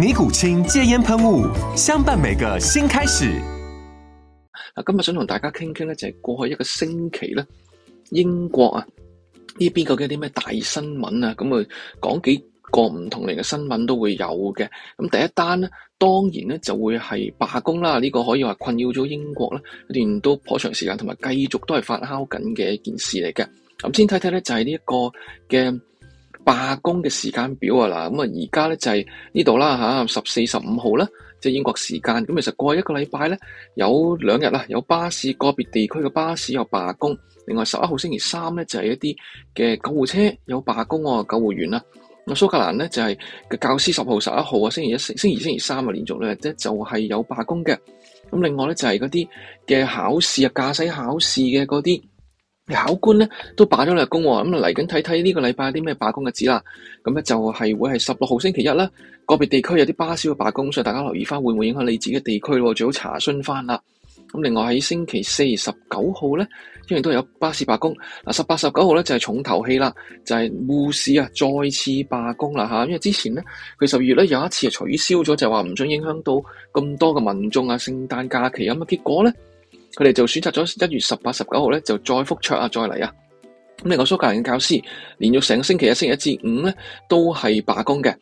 尼古清戒煙噴霧，相伴每個新開始。嗱，今日想同大家傾傾咧，就係過去一個星期咧，英國啊呢邊究竟有啲咩大新聞啊？咁啊，講幾個唔同嚟嘅新聞都會有嘅。咁第一單咧，當然咧就會係罷工啦。呢個可以話困擾咗英國啦，一段都頗長時間，同埋繼續都係發酵緊嘅一件事嚟嘅。咁先睇睇咧，就係呢一個嘅。罷工嘅時間表啊嗱，咁啊而家咧就係呢度啦吓，十四十五號啦，即係、就是、英國時間。咁其實過去一個禮拜咧，有兩日啦，有巴士，個別地區嘅巴士有罷工。另外十一號星期三咧就係、是、一啲嘅救護車有罷工喎，救護員啊。咁蘇格蘭咧就係嘅教師十號、十一號啊，星期一、星星期二星期三啊，連續咧即就係、是、有罷工嘅。咁另外咧就係嗰啲嘅考試啊、駕駛考試嘅嗰啲。考官咧都罷咗日工喎，咁嚟緊睇睇呢個禮拜有啲咩罷工嘅事啦。咁咧就係會係十六號星期一啦，個別地區有啲巴士嘅罷工，所以大家留意翻會唔會影響你自己嘅地區咯，最好查詢翻啦。咁另外喺星期四十九號咧，因為都有巴士罷工。嗱十八、十九號咧就係重頭戲啦，就係護士啊再次罷工啦嚇，因為之前咧佢十二月咧有一次啊取消咗，就話唔想影響到咁多嘅民眾啊聖誕假期咁啊，結果咧。佢哋就選擇咗一月十八、十九號咧，就再復出啊，再嚟啊！咁另外蘇格蘭嘅教師連續成個星期一、星期一至五咧，都係罷工嘅。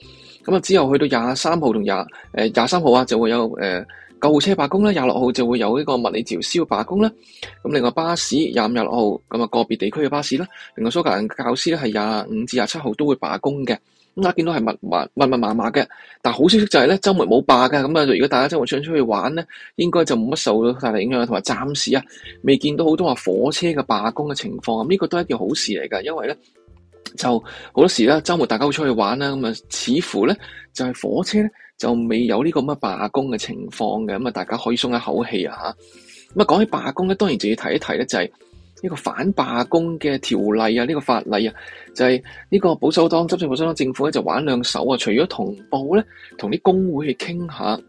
咁啊，之後去到廿三號同廿誒廿三號啊，就會有誒救護車罷工咧；廿六號就會有呢個物理治療師會罷工咧。咁另外巴士廿五、廿六號咁啊，個別地區嘅巴士啦，另外蘇格蘭教師咧係廿五至廿七號都會罷工嘅。咁啊，見到係密密密密麻麻嘅，但係好消息就係咧，周末冇罷噶，咁啊，如果大家周末想出去玩咧，應該就冇乜受到太大影響，同埋暫時啊，未見到好多話火車嘅罷工嘅情況，呢個都係一件好事嚟噶，因為咧就好多時咧，周末大家會出去玩啦，咁啊，似乎咧就係火車咧就未有呢個咁嘅罷工嘅情況嘅，咁啊，大家可以鬆一口氣啊吓。咁啊，講起罷工咧，當然就要提一提咧就係。呢個反罷工嘅條例啊，呢、這個法例啊，就係、是、呢個保守黨執政保守黨政府咧，就玩兩手啊。除咗同步咧，同啲工會去傾下，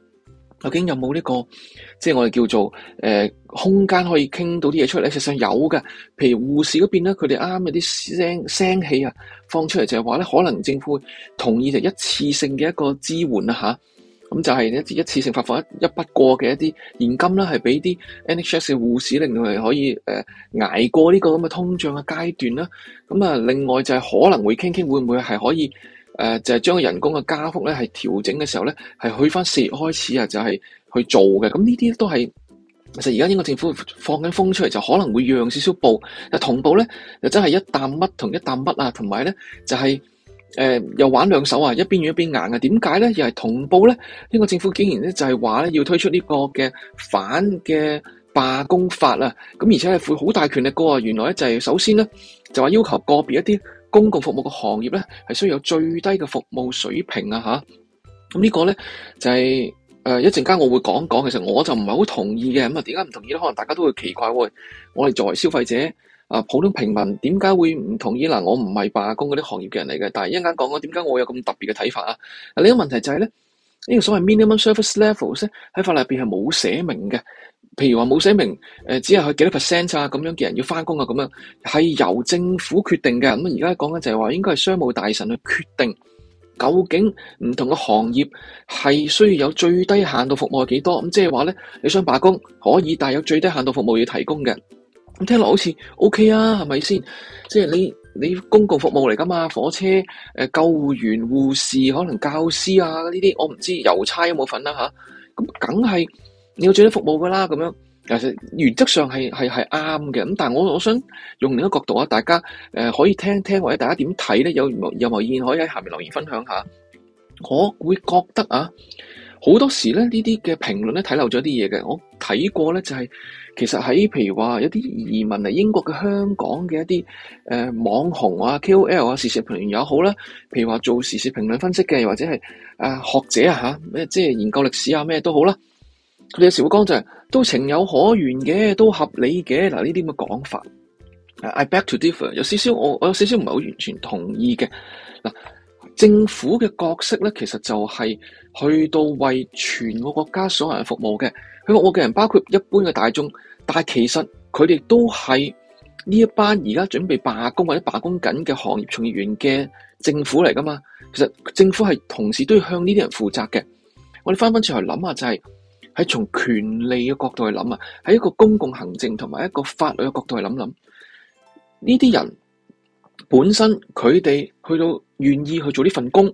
究竟有冇呢、這個即係我哋叫做、呃、空間可以傾到啲嘢出嚟咧？實際上有嘅，譬如護士嗰邊咧，佢哋啱啱有啲聲聲氣啊，放出嚟就係話咧，可能政府同意就一次性嘅一個支援啊，吓咁就係一一次性發放一一筆過嘅一啲現金啦，係俾啲 NHS 嘅護士令到佢哋可以誒、呃、捱過呢個咁嘅通脹嘅階段啦。咁啊，另外就係可能會傾傾會唔會係可以誒、呃，就係、是、將人工嘅加幅咧係調整嘅時候咧，係去翻四月開始啊，就係去做嘅。咁呢啲都係其實而家英國政府放緊風出嚟，就可能會讓少少步。但同步咧，又真係一啖乜同一啖乜啊，同埋咧就係、是。誒、呃、又玩兩手啊！一邊軟一邊硬啊。點解咧？又係同步咧？呢、呢個政府竟然咧就係話咧要推出呢個嘅反嘅罷工法啊！咁而且係會好大權力嘅啊。原來咧就係首先咧就話要求個別一啲公共服務嘅行業咧係需要有最低嘅服務水平啊！吓、啊，咁、呢個、呢個咧就係誒一陣間我會講講，其實我就唔係好同意嘅。咁啊點解唔同意咧？可能大家都會奇怪喎。我哋作為消費者。啊，普通平民點解會唔同意？嗱，我唔係罷工嗰啲行業嘅人嚟嘅，但係一陣間講我點解我有咁特別嘅睇法啊？啊，呢個問題就係、是、咧，呢、這個所謂 minimum service levels 咧，喺法律入邊係冇寫明嘅。譬如話冇寫明誒、呃，只係去幾多 percent 啊，咁樣嘅人要翻工啊，咁樣係由政府決定嘅。咁而家講緊就係話，應該係商務大臣去決定究竟唔同嘅行業係需要有最低限度服務係幾多。咁即係話咧，你想罷工可以，但係有最低限度服務要提供嘅。咁聽落好似 O K 啊，係咪先？即係你你公共服務嚟噶嘛，火車誒、救護員、護士，可能教師啊，呢啲我唔知，郵差有冇份啦吓？咁梗係你要做啲服務噶啦，咁樣其實原則上係係係啱嘅。咁但係我我想用另一個角度啊，大家誒、呃、可以聽聽或者大家點睇咧？有有冇意見可以喺下面留言分享下？我會覺得啊。好多時咧，呢啲嘅評論咧睇漏咗啲嘢嘅。我睇過咧、就是，就係其實喺譬如話有啲移民嚟英國嘅香港嘅一啲誒、呃、網紅啊、KOL 啊、時事評論員又好啦，譬如話做時事評論分析嘅，或者係啊、呃、學者啊咩即係研究歷史啊咩都好啦。佢哋有時候會講就係、是、都情有可原嘅，都合理嘅。嗱呢啲咁嘅講法，I back to differ 有少少我有少少我我有少少唔係好完全同意嘅嗱。政府嘅角色呢，其實就係去到為全個國家所有人服務嘅。佢服務嘅人包括一般嘅大眾，但係其實佢哋都係呢一班而家準備罷工或者罷工緊嘅行業從業員嘅政府嚟㗎嘛。其實政府係同時都要向呢啲人負責嘅。我哋翻返轉頭諗下、就係，就係喺從權利嘅角度去諗啊，喺一個公共行政同埋一個法律嘅角度去諗諗呢啲人。本身佢哋去到願意去做呢份工，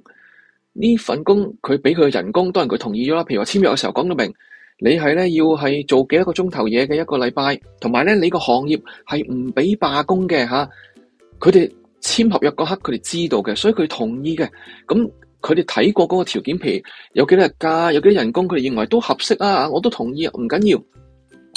呢份工佢俾佢嘅人工，當然佢同意咗啦。譬如話簽約嘅時候講到明，你係咧要係做幾多個鐘頭嘢嘅一個禮拜，同埋咧你個行業係唔俾罷工嘅吓。佢哋簽合約嗰刻，佢哋知道嘅，所以佢同意嘅。咁佢哋睇過嗰個條件，譬如有幾多日假，有幾多人工，佢哋認為都合適啊。我都同意，唔緊要，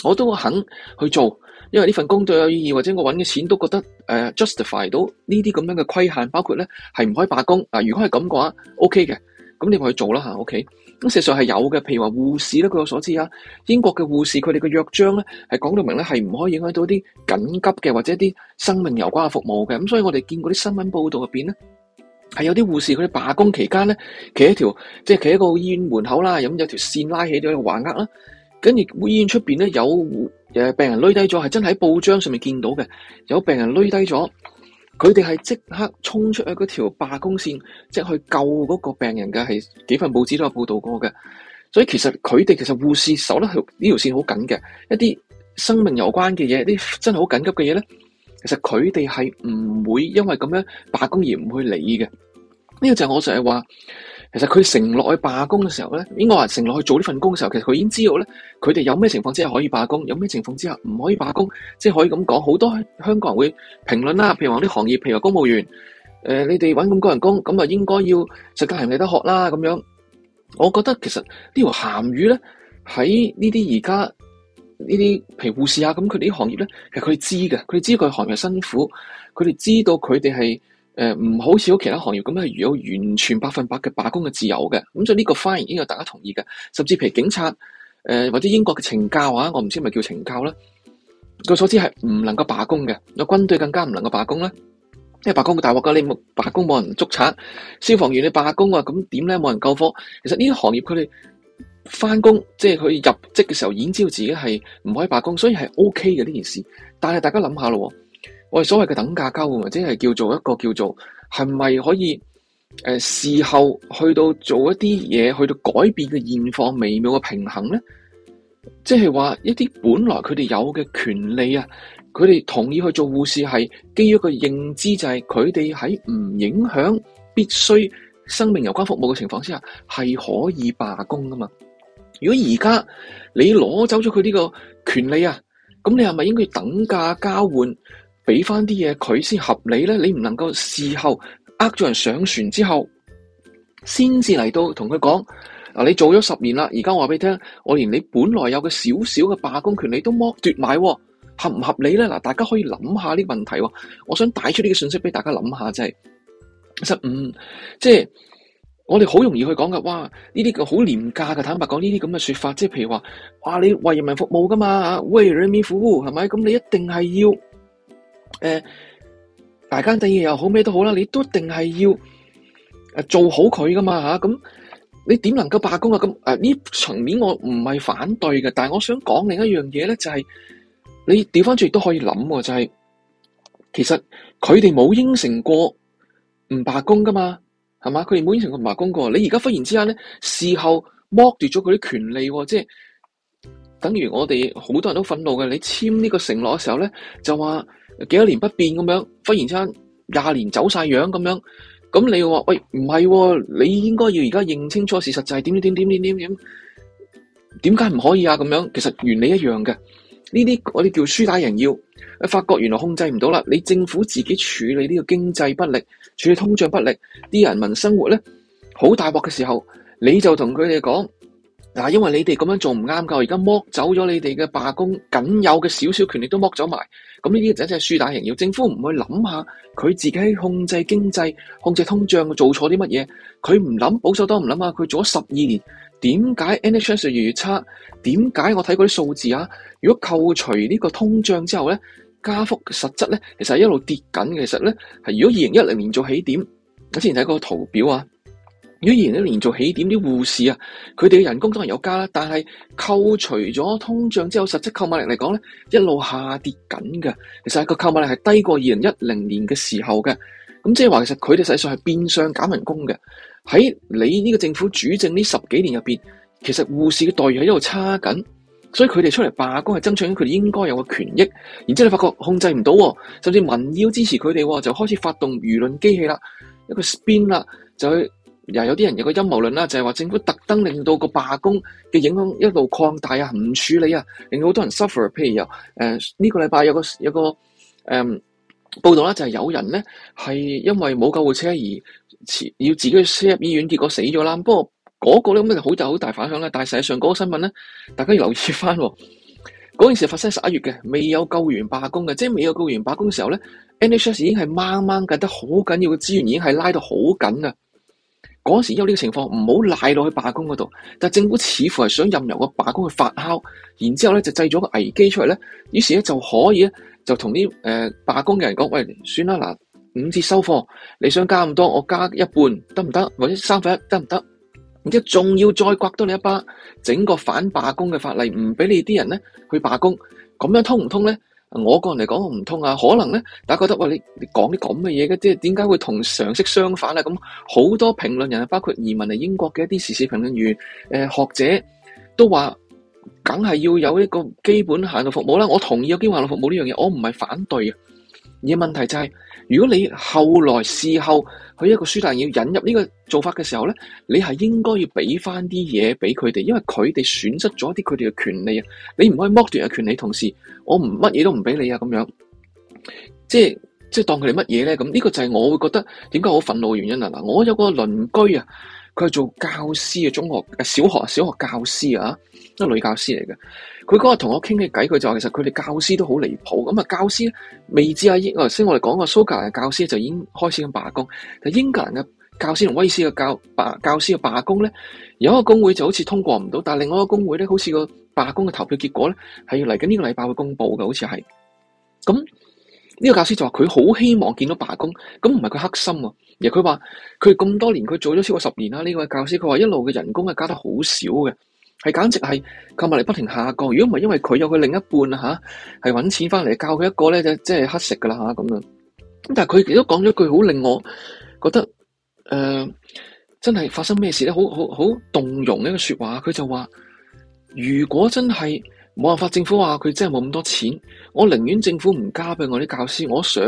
我都肯去做。因為呢份工作有意義，或者我搵嘅錢都覺得誒、呃、justify 到呢啲咁樣嘅規限，包括咧係唔可以罷工。如果係咁嘅話，OK 嘅，咁你咪去做啦吓，OK。咁事實上係有嘅，譬如話護士咧，據我所知啊，英國嘅護士佢哋嘅約章咧係講到明咧係唔可以影響到啲緊急嘅或者啲生命有關嘅服務嘅，咁所以我哋見過啲新聞報道入邊咧係有啲護士佢哋罷工期間咧企喺條即係企喺個醫院門口啦，咁有一條線拉起咗個橫額啦，跟住醫院出邊咧有。誒，病人累低咗，係真係喺報章上面見到嘅，有病人累低咗，佢哋係即刻衝出去嗰條罷工線，即係去救嗰個病人嘅，係幾份報紙都有報道過嘅。所以其實佢哋其實護士守得條呢條線好緊嘅，一啲生命有關嘅嘢，啲真係好緊急嘅嘢咧，其實佢哋係唔會因為咁樣罷工而唔去理嘅。呢個就係我成日話，其實佢承諾去罷工嘅時候咧，應該話承諾去做呢份工嘅時候，其實佢已經知道咧，佢哋有咩情況之下可以罷工，有咩情況之下唔可以罷工，即係可以咁講。好多香港人會評論啦，譬如話啲行業，譬如話公務員，誒，你哋搵咁高人工，咁啊應該要食得鹹魚抵得渴啦咁樣。我覺得其實呢條鹹魚咧，喺呢啲而家呢啲，譬如護士啊，咁佢哋啲行業咧，其實佢哋知嘅，佢哋知佢行業辛苦，佢哋知道佢哋係。誒，唔好似其他行業咁係有完全百分百嘅罷工嘅自由嘅，咁所以呢個反而已經有大家同意嘅。甚至譬如警察，誒、呃、或者英國嘅懲教啊，我唔知咪叫懲教啦。據所知係唔能夠罷工嘅，有軍隊更加唔能夠罷工啦。因為罷工嘅大鑊噶，你冇罷工，冇人捉賊，消防員你罷工啊，咁點咧，冇人救火。其實呢啲行業佢哋翻工，即係佢入職嘅時候已經知道自己係唔可以罷工，所以係 OK 嘅呢件事。但係大家諗下咯。我哋所謂嘅等價交換，或者係叫做一個叫做係咪可以誒、呃、事後去到做一啲嘢，去到改變嘅現況微妙嘅平衡咧？即係話一啲本來佢哋有嘅權利啊，佢哋同意去做護士係基於佢認知、就係，就係佢哋喺唔影響必須生命有關服務嘅情況之下，係可以罷工噶嘛。如果而家你攞走咗佢呢個權利啊，咁你係咪應該等價交換？俾翻啲嘢佢先合理咧，你唔能夠事後呃咗人上船之後，先至嚟到同佢講，嗱，你做咗十年啦，而家我話俾你聽，我連你本來有個少少嘅罷工權，你都剝奪埋，合唔合理咧？嗱，大家可以諗下呢個問題，我想帶出呢個信息俾大家諗下，即係十五，即係我哋好容易去講嘅哇！呢啲好廉價嘅，坦白講呢啲咁嘅說法，即係譬如話，啊，你為人民服務噶嘛，為人民服務係咪？咁你一定係要。誒、呃，大奸大義又好咩都好啦，你都一定係要誒做好佢噶嘛吓，咁、啊嗯、你點能夠罷工啊？咁，誒呢層面我唔係反對嘅，但係我想講另一樣嘢咧，就係、是、你調翻轉亦都可以諗喎、啊，就係、是、其實佢哋冇應承過唔罷工噶嘛，係嘛？佢哋冇應承過唔罷工過，你而家忽然之間咧事後剝奪咗佢啲權利、啊，即、就、係、是、等於我哋好多人都憤怒嘅。你簽呢個承諾嘅時候咧，就話。幾多年不變咁樣，忽然之間廿年走晒樣咁樣，咁你又話，喂，唔係啊，你應該要而家認清楚事實就係點點點點點點，點解唔可以啊？咁樣其實原理一樣嘅，呢啲我哋叫輸打贏要，發覺原來控制唔到啦。你政府自己處理呢個經濟不力，處理通脹不力，啲人民生活咧好大鑊嘅時候，你就同佢哋講嗱，因為你哋咁樣做唔啱噶，而家剝走咗你哋嘅罷工僅有嘅少少權利都剝咗埋。咁呢啲就真係輸打贏要，政府唔去諗下佢自己控制經濟、控制通脹做錯啲乜嘢？佢唔諗保守黨唔諗下。佢做咗十二年，點解 NHS 越嚟越差？點解我睇過啲數字啊。如果扣除呢個通脹之後咧，加幅實質咧，其實係一路跌緊。其實咧如果二零一零年做起點，我之前睇過個圖表啊。如果然咧，連續起點啲護士啊，佢哋嘅人工當然有加啦，但係扣除咗通脹之後，實質購買力嚟講咧，一路下跌緊嘅。其實個購買力係低過二零一零年嘅時候嘅。咁即係話，其實佢哋實際係變相減人工嘅。喺你呢個政府主政呢十幾年入邊，其實護士嘅待遇喺度差緊，所以佢哋出嚟罷工係爭取佢哋應該有嘅權益。然之後你發覺控制唔到，甚至民要支持佢哋，就開始發動輿論機器啦，一個 spin 啦，就去。有啲人有個陰謀論啦，就係、是、話政府特登令到個罷工嘅影響一路擴大啊，唔處理啊，令到好多人 suffer。譬如由誒呢個禮拜有個有個誒、呃、報道啦，就係、是、有人咧係因為冇救護車而要自己去車入醫院，結果死咗啦。不過嗰個咧咁就好大好大反響啦。但係實際上嗰個新聞咧，大家要留意翻嗰件事發生十一月嘅，未有救援罷工嘅，即係未有救援罷工嘅時候咧，NHS 已經係掹掹緊得好緊要嘅資源，已經係拉到好緊啊！嗰時有呢個情況唔好賴落去罷工嗰度，但政府似乎係想任由個罷工去發酵，然之後咧就製咗個危機出嚟咧，於是咧就可以咧就同啲誒罷工嘅人講，喂，算啦，嗱，五折收貨，你想加咁多，我加一半得唔得？或者三分一得唔得？然之後仲要再刮多你一巴，整個反罷工嘅法例唔俾你啲人咧去罷工，咁樣通唔通咧？我個人嚟講，我唔通啊！可能咧，大家覺得喂，你你講啲咁嘅嘢嘅，即係點解會同常識相反啦？咁好多評論人，包括移民嚟英國嘅一啲時事評論員、誒、呃、學者，都話，梗係要有一個基本行動服務啦。我同意有基本行動服務呢樣嘢，我唔係反對啊。而問題就係、是，如果你後來事後佢一個書大人要引入呢個做法嘅時候咧，你係應該要俾翻啲嘢俾佢哋，因為佢哋損失咗一啲佢哋嘅權利啊！你唔可以剝奪佢權利同，同時我唔乜嘢都唔俾你啊！咁樣，即係即係當佢哋乜嘢咧？咁呢個就係我會覺得點解我好憤怒嘅原因啊！嗱，我有個鄰居啊，佢係做教師嘅中學、誒小學、小學教師啊。都係女教師嚟嘅，佢嗰日同我傾嘅偈，佢就話其實佢哋教師都好離譜，咁啊教師呢未知啊英，頭先我哋講過蘇格蘭教師就已經開始咁罷工，但英格蘭嘅教師同威斯嘅教罷教師嘅罷工咧，有一個工會就好似通過唔到，但係另外一個工會咧，好似個罷工嘅投票結果咧，係要嚟緊呢個禮拜會公布嘅，好似係，咁呢個教師就話佢好希望見到罷工，咁唔係佢黑心啊，而佢話佢咁多年佢做咗超過十年啦，呢個教師佢話一路嘅人工係加得好少嘅。係簡直係購物力不停下降，如果唔係因為佢有佢另一半吓，係、啊、搵錢翻嚟教佢一個咧，就即係乞食噶啦吓咁樣！咁但係佢亦都講咗句好令我覺得誒、呃，真係發生咩事咧？好好好動容一個說話，佢就話如果真係。冇辦法，政府話佢真係冇咁多錢，我寧願政府唔加俾我啲教師，我想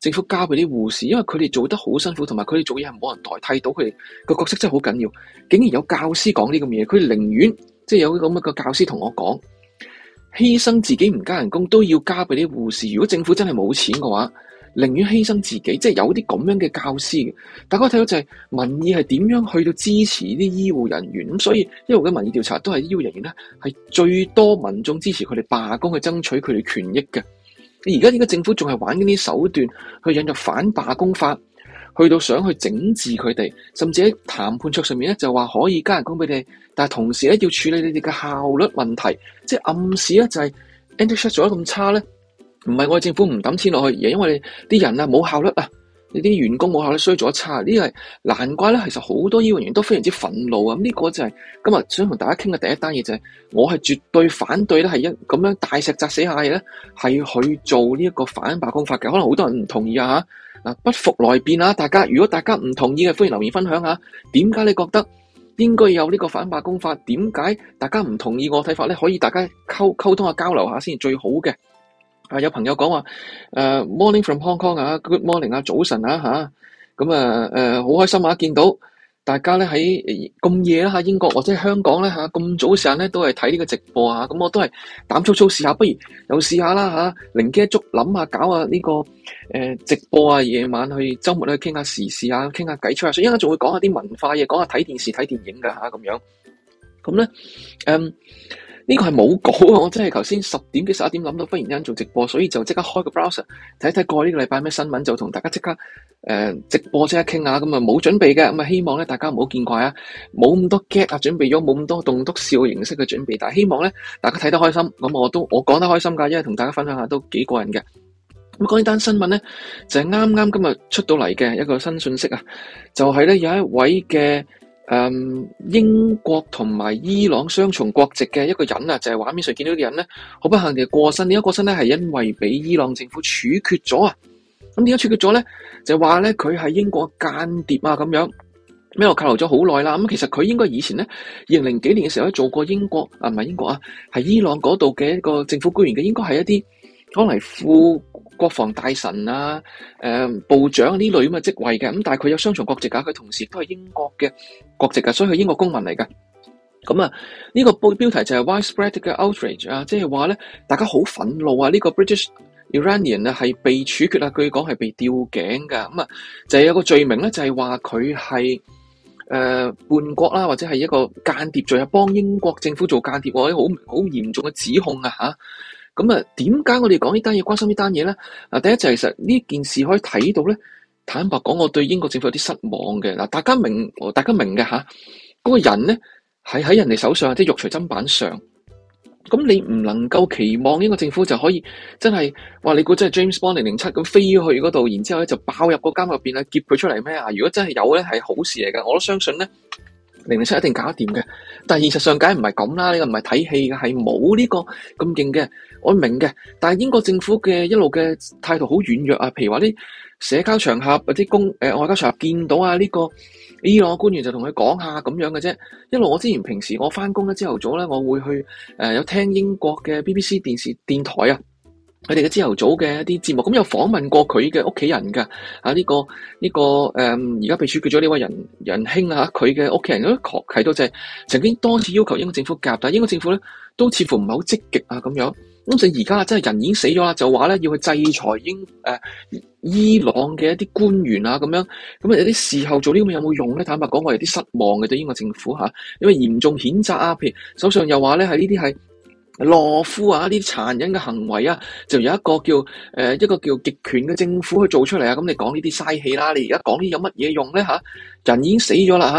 政府加俾啲護士，因為佢哋做得好辛苦，同埋佢哋做嘢又冇人代替到佢哋個角色，真係好緊要。竟然有教師講呢個嘢，佢寧願即係有咁嘅個教師同我講，犧牲自己唔加人工都要加俾啲護士。如果政府真係冇錢嘅話。寧願犧牲自己，即係有啲咁樣嘅教師嘅。大家睇到就係民意係點樣去到支持啲醫護人員咁，所以因為嘅民意調查都係醫護人員咧係最多民眾支持佢哋罷工去爭取佢哋權益嘅。而家點解政府仲係玩緊啲手段去引入反罷工法，去到想去整治佢哋，甚至喺談判桌上面咧就話可以加人工俾你，但係同時咧要處理你哋嘅效率問題，即係暗示咧就係、是、Angela 做得咁差咧。唔係我哋政府唔抌錢落去，而因為你啲人啊冇效率啊，你啲員工冇效率，衰咗差，呢個難怪咧。其實好多醫護人員都非常之憤怒啊！咁、嗯、呢、這個就係、是、今日想同大家傾嘅第一單嘢就係、是，我係絕對反對咧，係一咁樣大石砸死蟹咧，係去做呢一個反罷工法嘅。可能好多人唔同意啊吓，嗱不服來辯啊！大家如果大家唔同意嘅，歡迎留言分享下。點解你覺得應該有呢個反罷工法？點解大家唔同意我睇法咧？可以大家溝溝通下、交流下先最好嘅。啊！有朋友講話，誒 Morning from Hong Kong 啊，Good morning 啊，早晨啊嚇，咁啊誒好開心啊！見到大家咧，喺咁夜啦嚇，英國或者香港咧嚇，咁早時間咧，都係睇呢個直播啊！咁我都係膽粗粗試下，不如又試下啦嚇，靈機一觸，諗下搞下呢個誒直播啊，夜晚去週末去傾下時事啊，傾下偈出啊，所以依家仲會講下啲文化嘢，講下睇電視睇電影嘅嚇咁樣，咁咧誒。呢個係冇稿啊！我真係頭先十點幾十一點諗到，忽然間做直播，所以就即刻開個 browser 睇睇過呢個禮拜咩新聞，就同大家即刻誒、呃、直播即刻傾下咁啊，冇準備嘅，咁啊希望咧大家唔好見怪啊，冇咁多 get 啊準備咗冇咁多棟篤笑形式嘅準備，但係希望咧大家睇得開心，咁、嗯、我都我講得開心噶，因為同大家分享下都幾過癮嘅。咁講呢單新聞咧，就係啱啱今日出到嚟嘅一個新信息啊，就係、是、咧有一位嘅。誒、嗯，英國同埋伊朗雙重國籍嘅一個人啊，就係、是、畫面上見到嘅人咧，好不幸嘅過身。點解過身咧？係因為俾伊朗政府處決咗，就是、啊！咁點解處決咗咧？就話咧佢係英國間諜啊，咁樣咩？我扣留咗好耐啦。咁其實佢應該以前咧，二零零幾年嘅時候做過英國啊，唔係英國啊，係伊朗嗰度嘅一個政府官員嘅，應該係一啲。講嚟副國防大臣啊，誒、呃、部長呢類啊嘛職位嘅，咁但係佢有雙重國籍噶，佢同時都係英國嘅國籍噶，所以係英國公民嚟噶。咁啊，呢、呢個標題就係 widespread 嘅 outrage 啊，即係話咧，大家好憤怒啊！呢、呢個 British Iranian 啊係被處決啊，據講係被吊頸噶。咁啊，就係有個罪名咧，就係話佢係誒叛國啦、啊，或者係一個間諜罪啊，幫英國政府做間諜，或者好好嚴重嘅指控啊吓。啊咁啊，點解我哋講呢單嘢，關心呢單嘢咧？嗱，第一就係其實呢件事可以睇到咧。坦白講，我對英國政府有啲失望嘅。嗱，大家明，大家明嘅吓，嗰、那個人咧係喺人哋手上，即係肉隨砧板上。咁你唔能夠期望英國政府就可以真係話你估真係 James Bond 零零七，咁飛去嗰度，然之後咧就爆入嗰間入邊啊，劫佢出嚟咩啊？如果真係有咧，係好事嚟嘅，我都相信咧。零零七一定搞掂嘅，但係現實上梗係唔係咁啦，呢個唔係睇戲嘅，係冇呢個咁勁嘅。我明嘅，但係英國政府嘅一路嘅態度好軟弱啊。譬如話啲社交場合或者公誒、呃、外交場合見到啊呢、呢個伊朗官員就同佢講下咁樣嘅啫。一路我之前平時我翻工咧朝頭早咧，我會去誒、呃、有聽英國嘅 BBC 電視電台啊。佢哋嘅朝頭早嘅一啲節目，咁有訪問過佢嘅屋企人噶，啊、呢、呢個呢、呢個誒，而、呃、家被處決咗呢位人仁兄啊，佢嘅屋企人都確係都就係曾經多次要求英國政府介入，但係英國政府咧都似乎唔係好積極啊咁樣，咁就而家真係人已經死咗啦，就話咧要去制裁英誒、呃、伊朗嘅一啲官員啊咁樣，咁啊有啲事後做呢個咁有冇用咧？坦白講我有啲失望嘅對英國政府吓，因為嚴重譴責啊？譬如首相又話咧係呢啲係。懦夫啊！呢啲殘忍嘅行為啊，就有一個叫誒、呃、一個叫極權嘅政府去做出嚟啊！咁你講呢啲嘥氣啦，你而家講呢啲有乜嘢用咧吓，人已經死咗啦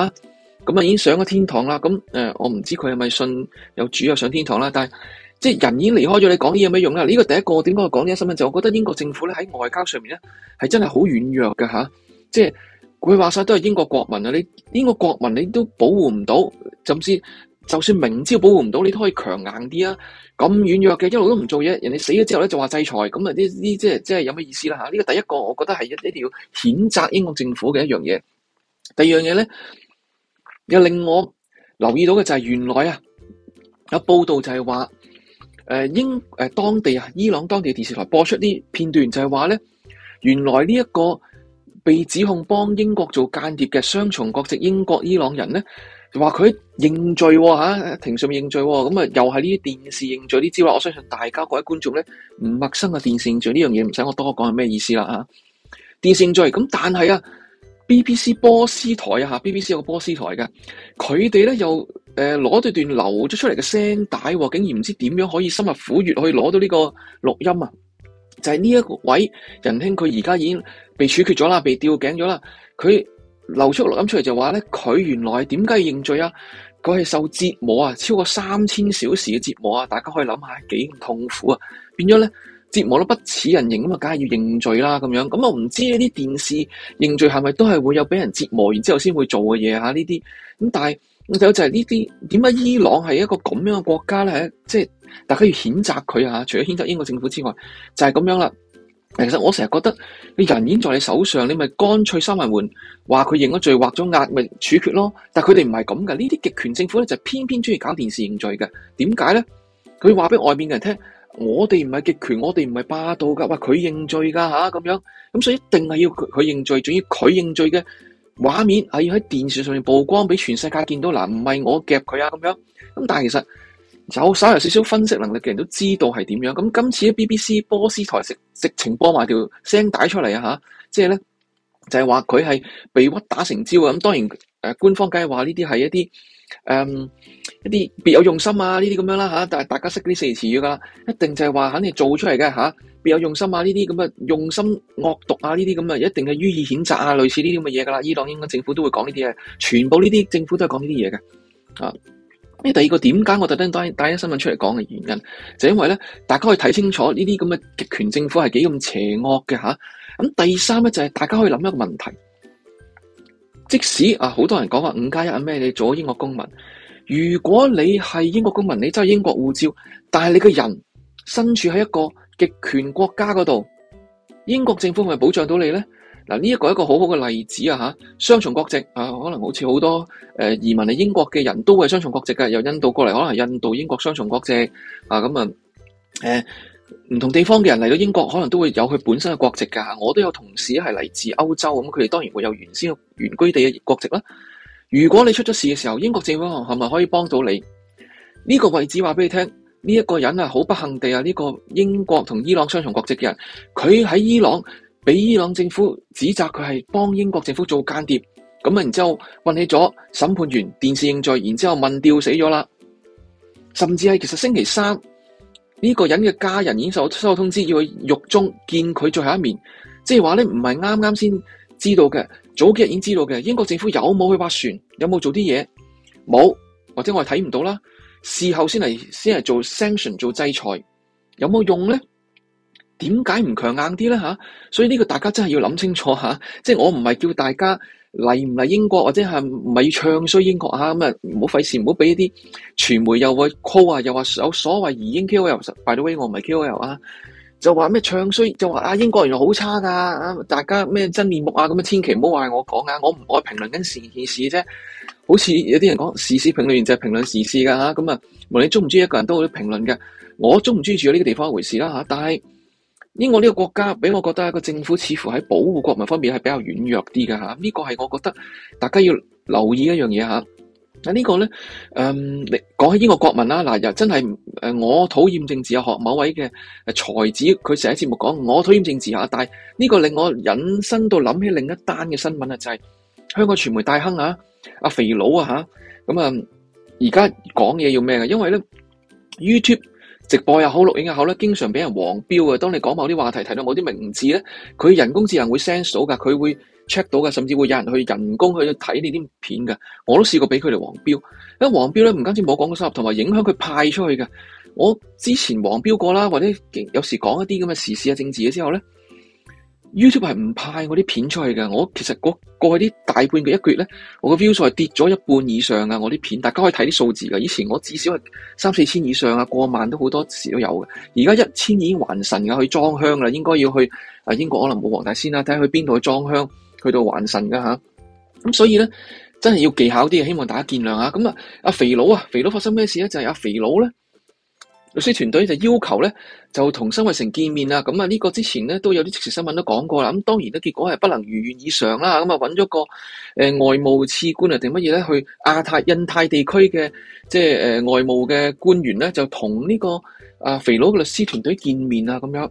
吓，咁啊已經上咗天堂啦。咁誒、呃，我唔知佢係咪信有主啊上天堂啦。但係即係人已經離開咗，你講呢啲有乜用啊？呢個第一個點解我講呢啲新聞就我覺得英國政府咧喺外交上面咧係真係好軟弱㗎。吓、啊，即係佢話晒都係英國國民啊，你英國國民你都保護唔到，甚至。就算明知道保護唔到你，都可以強硬啲啊！咁軟弱嘅一路都唔做嘢，人哋死咗之後咧就話制裁，咁啊呢呢即係即係有咩意思啦嚇？呢個第一個我覺得係一一定要譴責英國政府嘅一樣嘢。第二樣嘢咧又令我留意到嘅就係原來啊有報道就係話誒英誒當地啊伊朗當地嘅電視台播出啲片段，就係話咧原來呢一個被指控幫英國做間諜嘅雙重國籍英國伊朗人咧。話佢認罪吓，庭、啊、上面認罪咁啊，又係呢啲電視認罪呢招啦，我相信大家各位觀眾咧唔陌生嘅，電視認罪呢樣嘢唔使我多講係咩意思啦吓、啊，電視認罪咁但係啊，B B C 波斯台啊吓，B B C 有個波斯台嘅，佢哋咧又誒攞對段流咗出嚟嘅聲帶，啊、竟然唔知點樣可以深入虎穴去攞到呢個錄音啊，就係、是、呢一位仁兄佢而家已經被處決咗啦，被吊頸咗啦，佢。流出錄音出嚟就話咧，佢原來點解要認罪啊？佢係受折磨啊，超過三千小時嘅折磨啊！大家可以諗下，幾痛苦啊！變咗咧折磨得不似人形咁啊，梗係要認罪啦、啊、咁樣。咁我唔知呢啲電視認罪係咪都係會有俾人折磨然之後先會做嘅嘢吓？呢啲咁，但係我睇到就係呢啲點解伊朗係一個咁樣嘅國家咧？即係大家要譴責佢啊！除咗譴責英國政府之外，就係咁樣啦。其實我成日覺得，你人已經在你手上，你咪乾脆三埋門，話佢認咗罪，畫咗押咪處決咯。但係佢哋唔係咁㗎。呢啲極權政府咧就偏偏中意搞電視認罪嘅。點解咧？佢話俾外面嘅人聽，我哋唔係極權，我哋唔係霸道噶，話佢認罪噶吓，咁樣，咁所以一定係要佢佢認罪，仲要佢認罪嘅畫面係要喺電視上面曝光俾全世界見到，嗱唔係我夾佢啊咁樣，咁但係其實。有稍有少少分析能力嘅人都知道係點樣，咁今次啲 BBC 波斯台直直情播埋條聲帶出嚟啊！吓，即係咧就係話佢係被屈打成招啊！咁當然，誒、呃、官方梗係話呢啲係一啲誒、嗯、一啲別有用心啊！呢啲咁樣啦吓，但、啊、係大家識嗰啲四字詞語噶，一定就係話肯定做出嚟嘅吓，別有用心啊！呢啲咁嘅用心惡毒啊！呢啲咁啊，一定係予以譴責啊！類似呢啲咁嘅嘢噶啦，伊朗英國政府都會講呢啲嘢，全部呢啲政府都係講呢啲嘢嘅啊。呢第二個點解我特登帶帶一新聞出嚟講嘅原因，就是、因為咧，大家可以睇清楚呢啲咁嘅極權政府係幾咁邪惡嘅吓。咁、啊、第三咧就係、是、大家可以諗一個問題，即使啊，好多人講話五加一啊咩，你阻英國公民。如果你係英國公民，你真揸英國護照，但係你個人身處喺一個極權國家嗰度，英國政府會唔會保障到你咧？嗱，呢一個一個好好嘅例子啊，嚇雙重國籍啊，可能好似好多誒、呃、移民嚟英國嘅人都係雙重國籍啊。由印度過嚟可能印度英國雙重國籍啊，咁啊誒唔同地方嘅人嚟到英國，可能都會有佢本身嘅國籍噶。我都有同事係嚟自歐洲，咁佢哋當然會有原先嘅原居地嘅國籍啦。如果你出咗事嘅時候，英國政府係咪可以幫到你？呢、這個位置話俾你聽，呢、這、一個人啊，好不幸地啊，呢、這個英國同伊朗雙重國籍嘅人，佢喺伊朗。俾伊朗政府指責佢係幫英國政府做間諜，咁啊，然之後混起咗審判完電視認罪，然之後問吊死咗啦。甚至係其實星期三呢個人嘅家人已經收到通知要去獄中見佢最後一面，即係話咧唔係啱啱先知道嘅，早幾日已經知道嘅。英國政府有冇去挖船，有冇做啲嘢？冇，或者我哋睇唔到啦。事後先嚟先係做 sanction 做制裁，有冇用咧？點解唔強硬啲咧？嚇，所以呢個大家真係要諗清楚嚇。即、啊、係、就是、我唔係叫大家嚟唔嚟英國或者唔係要唱衰英國啊？咁、嗯、啊，唔好費事，唔好俾一啲傳媒又話 call 啊，又話有所謂移英 KOL By the way，我唔係 KOL 啊，就話咩唱衰，就話啊英國原來好差啊。大家咩真面目啊？咁啊，千祈唔好話我講啊。我唔愛評論緊時事啫。好似有啲人講時事評論員就係評論時事嘅嚇。咁啊，無論你中唔中意一個人都會評論嘅。我中唔中意住呢個地方一回事啦嚇、啊。但係。英國呢個國家俾我覺得一個政府似乎喺保護國民方面係比較軟弱啲嘅吓，呢、這個係我覺得大家要留意的一樣嘢吓。嗱、這個、呢個咧，誒、嗯，講起英國國,國民啦，嗱又真係誒，我討厭政治啊，學某位嘅才子，佢成日節目講我討厭政治下，但呢個令我引申到諗起另一單嘅新聞啊，就係、是、香港傳媒大亨啊，阿肥佬啊吓，咁啊，而、嗯、家講嘢要咩嘅？因為咧 YouTube。直播又好，錄影又好咧，經常俾人黃標啊！當你講某啲話題，提到某啲名字咧，佢人工智能會 sense 到噶，佢會 check 到噶，甚至會有人去人工去睇呢啲片噶。我都試過俾佢哋黃標，因為黃標咧，唔單止冇廣告收入，同埋影響佢派出去㗎。我之前黃標過啦，或者有時講一啲咁嘅時事啊、政治嘅之後咧。YouTube 係唔派我啲片出去嘅。我其實過去啲大半嘅一個月咧，我個 view 數係跌咗一半以上啊！我啲片大家可以睇啲數字噶，以前我至少係三四千以上啊，過萬都好多時都有嘅，而家一千已經還神噶，去裝香啦，應該要去啊英國可能冇黃大仙啦，睇下去邊度去裝香去到還神噶吓，咁、啊、所以咧真係要技巧啲，希望大家見諒下。咁啊，阿肥佬啊，肥佬、啊、發生咩事咧？就係、是、阿、啊、肥佬咧。律師團隊就要求咧，就同辛偉誠見面啊！咁啊，呢個之前咧都有啲即時新聞都講過啦。咁當然咧，結果係不能如願以償啦。咁啊，揾咗個誒外務次官啊定乜嘢咧，去亞太、印太地區嘅即係誒外務嘅官員咧，就同呢、這個阿、啊、肥佬嘅律師團隊見面啊，咁樣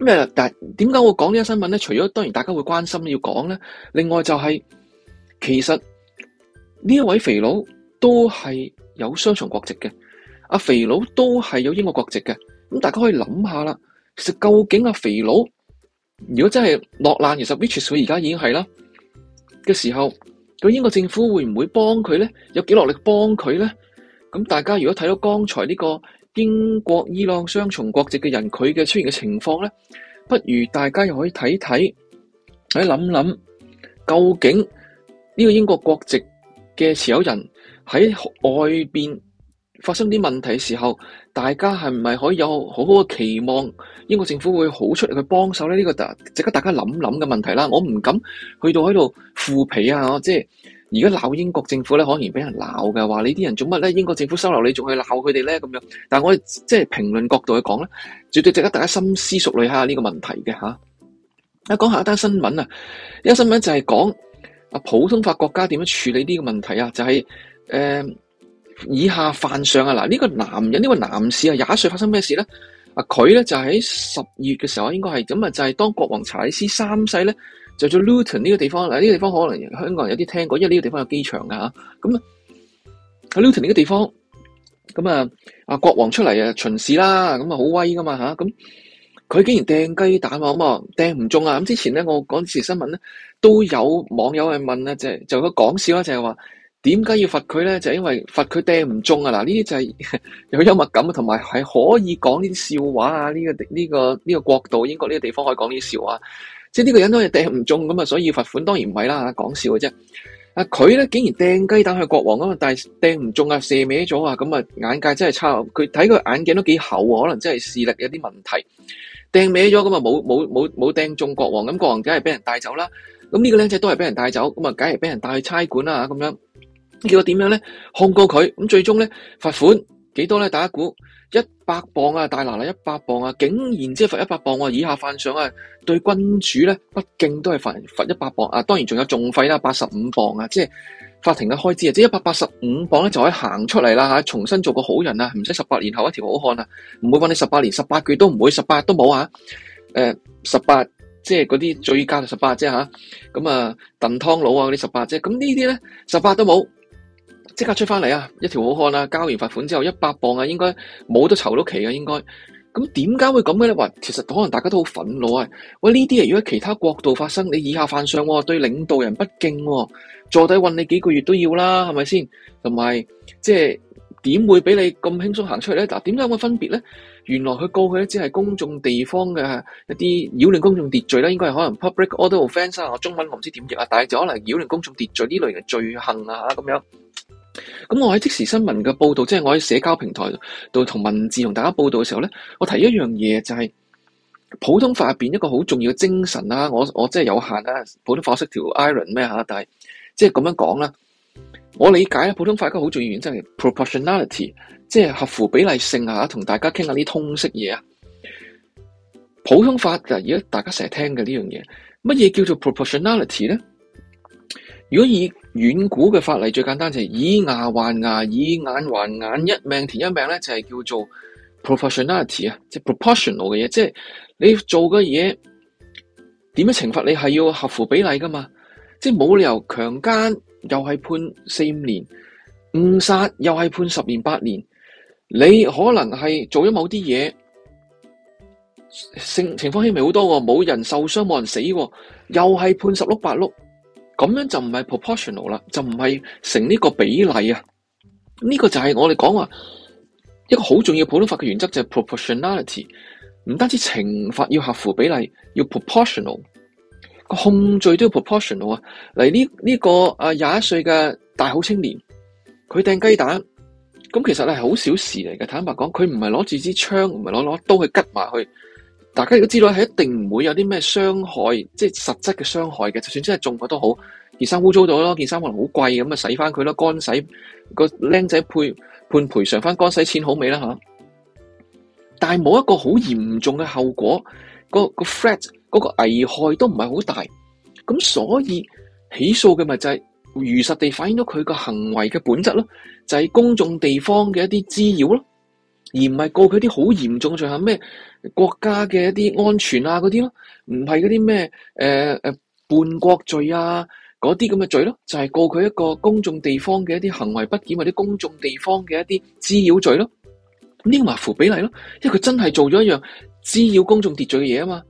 咩？但點解我講呢個新聞咧？除咗當然大家會關心要講咧，另外就係、是、其實呢一位肥佬都係有雙重國籍嘅。阿肥佬都係有英國國籍嘅，咁大家可以諗下啦。其實究竟阿肥佬，如果真係落難，其實 Witcher 佢而家已經係啦嘅時候，咁英國政府會唔會幫佢咧？有幾落力幫佢咧？咁大家如果睇到剛才呢個英國伊朗雙重國籍嘅人，佢嘅出現嘅情況咧，不如大家又可以睇睇，睇諗諗究竟呢個英國國籍嘅持有人喺外邊發生啲問題嘅時候，大家係咪可以有好好嘅期望？英國政府會好出嚟去幫手咧？呢、個值得大家諗諗嘅問題啦。我唔敢去到喺度護皮啊！我即係而家鬧英國政府咧，可能俾人鬧嘅，話你啲人做乜咧？英國政府收留你，仲去鬧佢哋咧？咁樣。但係我即係評論角度去講咧，絕對值得大家深思熟慮下呢個問題嘅吓。一、啊、講下一單新聞啊，一、呢個新聞就係講普通法國家點樣處理呢個問題啊？就係、是、誒。呃以下犯上啊！嗱，呢個男人呢、呢個男士啊，廿一歲發生咩事咧？啊，佢咧就喺、是、十二月嘅時候應該係咁啊，就係、是、當國王查理斯三世咧，就做 Luton 呢個地方。嗱，呢個地方可能香港人有啲聽過，因為呢個地方有機場噶吓。咁啊，喺 Luton 呢個地方，咁啊，啊國王出嚟啊巡視啦，咁啊好威噶嘛吓。咁佢竟然掟雞蛋喎，咁啊掟唔中啊。咁之前咧，我嗰時新聞咧都有網友係問啊，就就個講笑啦，就係話。就是點解要罰佢咧？就係因為罰佢掟唔中啊！嗱，呢啲就係有幽默感同埋係可以講呢啲笑話啊！呢個呢個呢個國度，英國呢個地方可以講呢啲笑話。即係呢個人都係掟唔中咁啊，所以罰款當然唔係啦，講笑嘅啫。啊，佢咧竟然掟雞蛋去國王啊，但係掟唔中啊，射歪咗啊，咁啊，眼界真係差。佢睇佢眼鏡都幾厚啊，可能真係視力有啲問題。掟歪咗咁啊，冇冇冇冇掟中國王，咁國王梗係俾人帶走啦。咁呢個靚仔都係俾人帶走，咁啊，梗係俾人帶去差館啦，咁樣。結果點樣咧？控告佢咁，最終咧罰款幾多咧？大家估一百磅啊，大拿拿一百磅啊，竟然即係罰一百磅！啊。以下犯上啊，對君主咧不敬都係罰罰一百磅啊！當然仲有重費啦、啊，八十五磅啊，即係法庭嘅開支啊，即一百八十五磅咧就可以行出嚟啦吓，重新做個好人啊！唔使十八年後一條好漢啊，唔會話你十八年十八個月都唔會十八都冇啊！誒、呃，十八即係嗰啲醉駕就十八啫吓，咁啊燉湯佬啊嗰啲十八啫，咁呢啲咧十八都冇。即刻出翻嚟啊！一條好漢啊！交完罰款之後一百磅啊，應該冇得籌到期啊。應該。咁點解會咁嘅咧？話其實可能大家都好憤怒啊！喂，呢啲嘢如果喺其他國度發生，你以下犯上喎，對領導人不敬喎，坐底韞你幾個月都要啦，係咪先？同埋即係點會俾你咁輕鬆行出嚟咧？嗱，點解咁嘅分別咧？原來佢告佢咧，只係公眾地方嘅一啲擾亂公眾秩序啦，應該係可能 public order offence 啊，我中文我唔知點譯啊，但係就可能擾亂公眾秩序呢類嘅罪行啊咁樣。咁我喺即時新聞嘅報道，即係我喺社交平台度同文字同大家報道嘅時候咧，我提一樣嘢就係、是、普通法入邊一個好重要嘅精神啦。我我即係有限啦，普通法識條 iron 咩？吓？但係即係咁樣講啦，我理解啦，普通法一個好重要原則、就、嚟、是、，proportionality，即係合乎比例性啊，同大家傾下啲通識嘢啊。普通法嗱，而家大家成日聽嘅呢樣嘢，乜嘢叫做 proportionality 咧？如果以遠古嘅法例，最簡單就係以牙還牙、以眼還眼、一命填一命咧，就係、是、叫做 proportionality 啊。即係 proportional 嘅嘢，即係、就是、你做嘅嘢點樣懲罰你係要合乎比例噶嘛，即係冇理由強姦又係判四五年，誤殺又係判十年八年，你可能係做咗某啲嘢，情情況輕微好多，冇人受傷冇人死，又係判十碌八碌。咁樣就唔係 proportional 啦，就唔係成呢個比例啊。呢個就係我哋講話一個好重要普通法嘅原則，就係 proportionality。唔單止懲罰要合乎比例，要 proportional，個控罪都要 proportional 啊。嚟，呢呢個啊廿一歲嘅大好青年，佢掟雞蛋，咁其實咧係好小事嚟嘅。坦白講，佢唔係攞住支槍，唔係攞攞刀去吉埋去。大家亦都知道係一定唔會有啲咩傷害，即係實質嘅傷害嘅，就算真係中咗都好，件衫污糟咗咯，件衫可能貴好貴咁啊，洗翻佢囉。乾洗個僆仔判判賠償翻乾洗錢好未啦吓？但係冇一個好嚴重嘅後果，個個 threat 嗰個危害都唔係好大，咁所以起訴嘅咪就係如實地反映咗佢個行為嘅本質咯，就係、是、公眾地方嘅一啲滋擾咯。而唔係告佢啲好嚴重嘅罪行，咩國家嘅一啲安全啊嗰啲咯，唔係嗰啲咩誒誒叛國罪啊嗰啲咁嘅罪咯、啊，就係、是、告佢一個公眾地方嘅一啲行為不檢或者公眾地方嘅一啲滋擾罪咯、啊。呢個咪符比例咯、啊，因為佢真係做咗一樣滋擾公眾秩序嘅嘢啊嘛。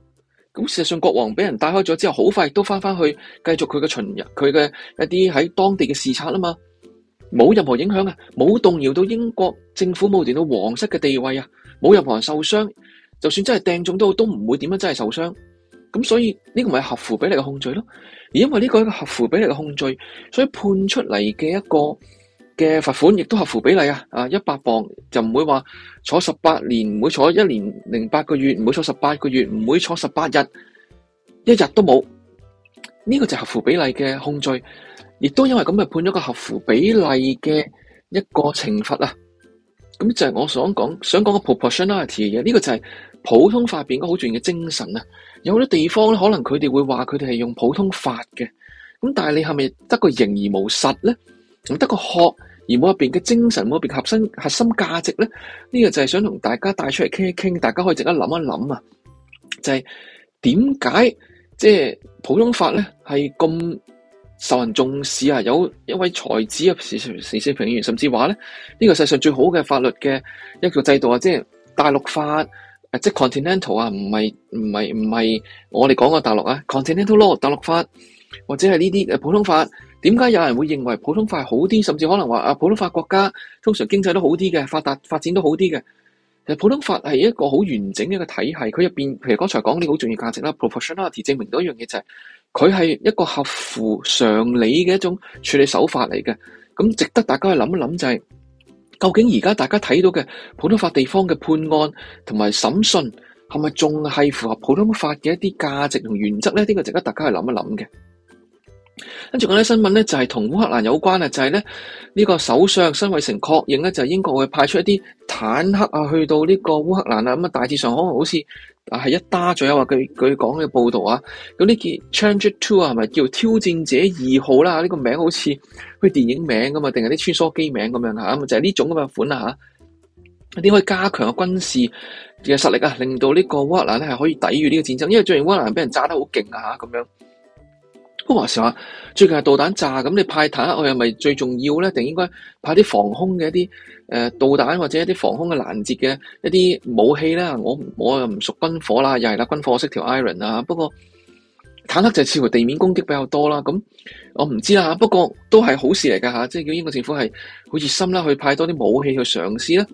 咁事實上，國王俾人帶開咗之後，好快都翻翻去繼續佢嘅巡遊，佢嘅一啲喺當地嘅視察啊嘛。冇任何影響啊！冇動搖到英國政府，冇掂到皇室嘅地位啊！冇任何人受傷，就算真係掟中好都都唔會點樣真係受傷。咁所以呢、這個咪合乎比例嘅控罪咯。而因為呢個一個合乎比例嘅控罪，所以判出嚟嘅一個嘅罰款亦都合乎比例啊！啊，一百磅就唔會話坐十八年，唔會坐一年零八個月，唔會坐十八個月，唔會坐十八日，一日都冇。呢、這個就合乎比例嘅控罪。亦都因為咁係判咗個合符比例嘅一個懲罰啊！咁就係我想講想講個 proportionality 嘅嘢，呢個就係普通法入邊好重要嘅精神啊！有好多地方咧，可能佢哋會話佢哋係用普通法嘅，咁但係你係咪得個形而無實咧？咁得個學而冇入邊嘅精神，冇入邊核心核心價值咧？呢個就係想同大家帶出嚟傾一傾，大家可以值得諗一諗啊！就係點解即係普通法咧係咁？受人重視啊！有一位才子入時事評論員甚至話咧，呢個世上最好嘅法律嘅一個制度啊，即係大陸法，即係 continental 啊，唔係唔係唔係我哋講嘅大陸啊，continental law 大陸法或者係呢啲普通法，點解有人會認為普通法好啲？甚至可能話啊，普通法國家通常經濟都好啲嘅，發達發展都好啲嘅。其實普通法係一個好完整嘅一個體系，佢入面，譬如剛才講啲好重要價值啦，proportionality 證明到一樣嘢就係。佢係一個合乎常理嘅一種處理手法嚟嘅，咁值得大家去諗一諗就係究竟而家大家睇到嘅普通法地方嘅判案同埋審訊係咪仲係符合普通法嘅一啲價值同原則咧？呢個值得大家去諗一諗嘅。跟住嗰啲新聞咧就係同烏克蘭有關啊，就係咧呢個首相辛偉成確認咧就係英國會派出一啲坦克啊去到呢個烏克蘭啊，咁啊大致上可能好似係一打左右啊，話佢佢講嘅報道啊，咁呢件 Challenger Two 啊，係咪叫挑戰者二號啦？呢、這個名好似佢電影名咁啊，定係啲穿梭機名咁樣吓，咁就係、是、呢種咁嘅款啊吓，點可以加強嘅軍事嘅實力啊，令到呢個烏克蘭咧係可以抵御呢個戰爭，因為最近烏克蘭俾人炸得好勁啊吓，咁樣。都話時話最近係導彈炸咁，你派坦克去係咪最重要咧？定應該派啲防空嘅一啲誒、呃、導彈或者一啲防空嘅攔截嘅一啲武器咧？我我又唔熟軍火啦，又係啦軍火式條 Iron 啊。不過坦克就似乎地面攻擊比較多啦。咁我唔知啦。不過都係好事嚟噶吓，即係叫英國政府係好熱心啦，去派多啲武器去嘗試咧。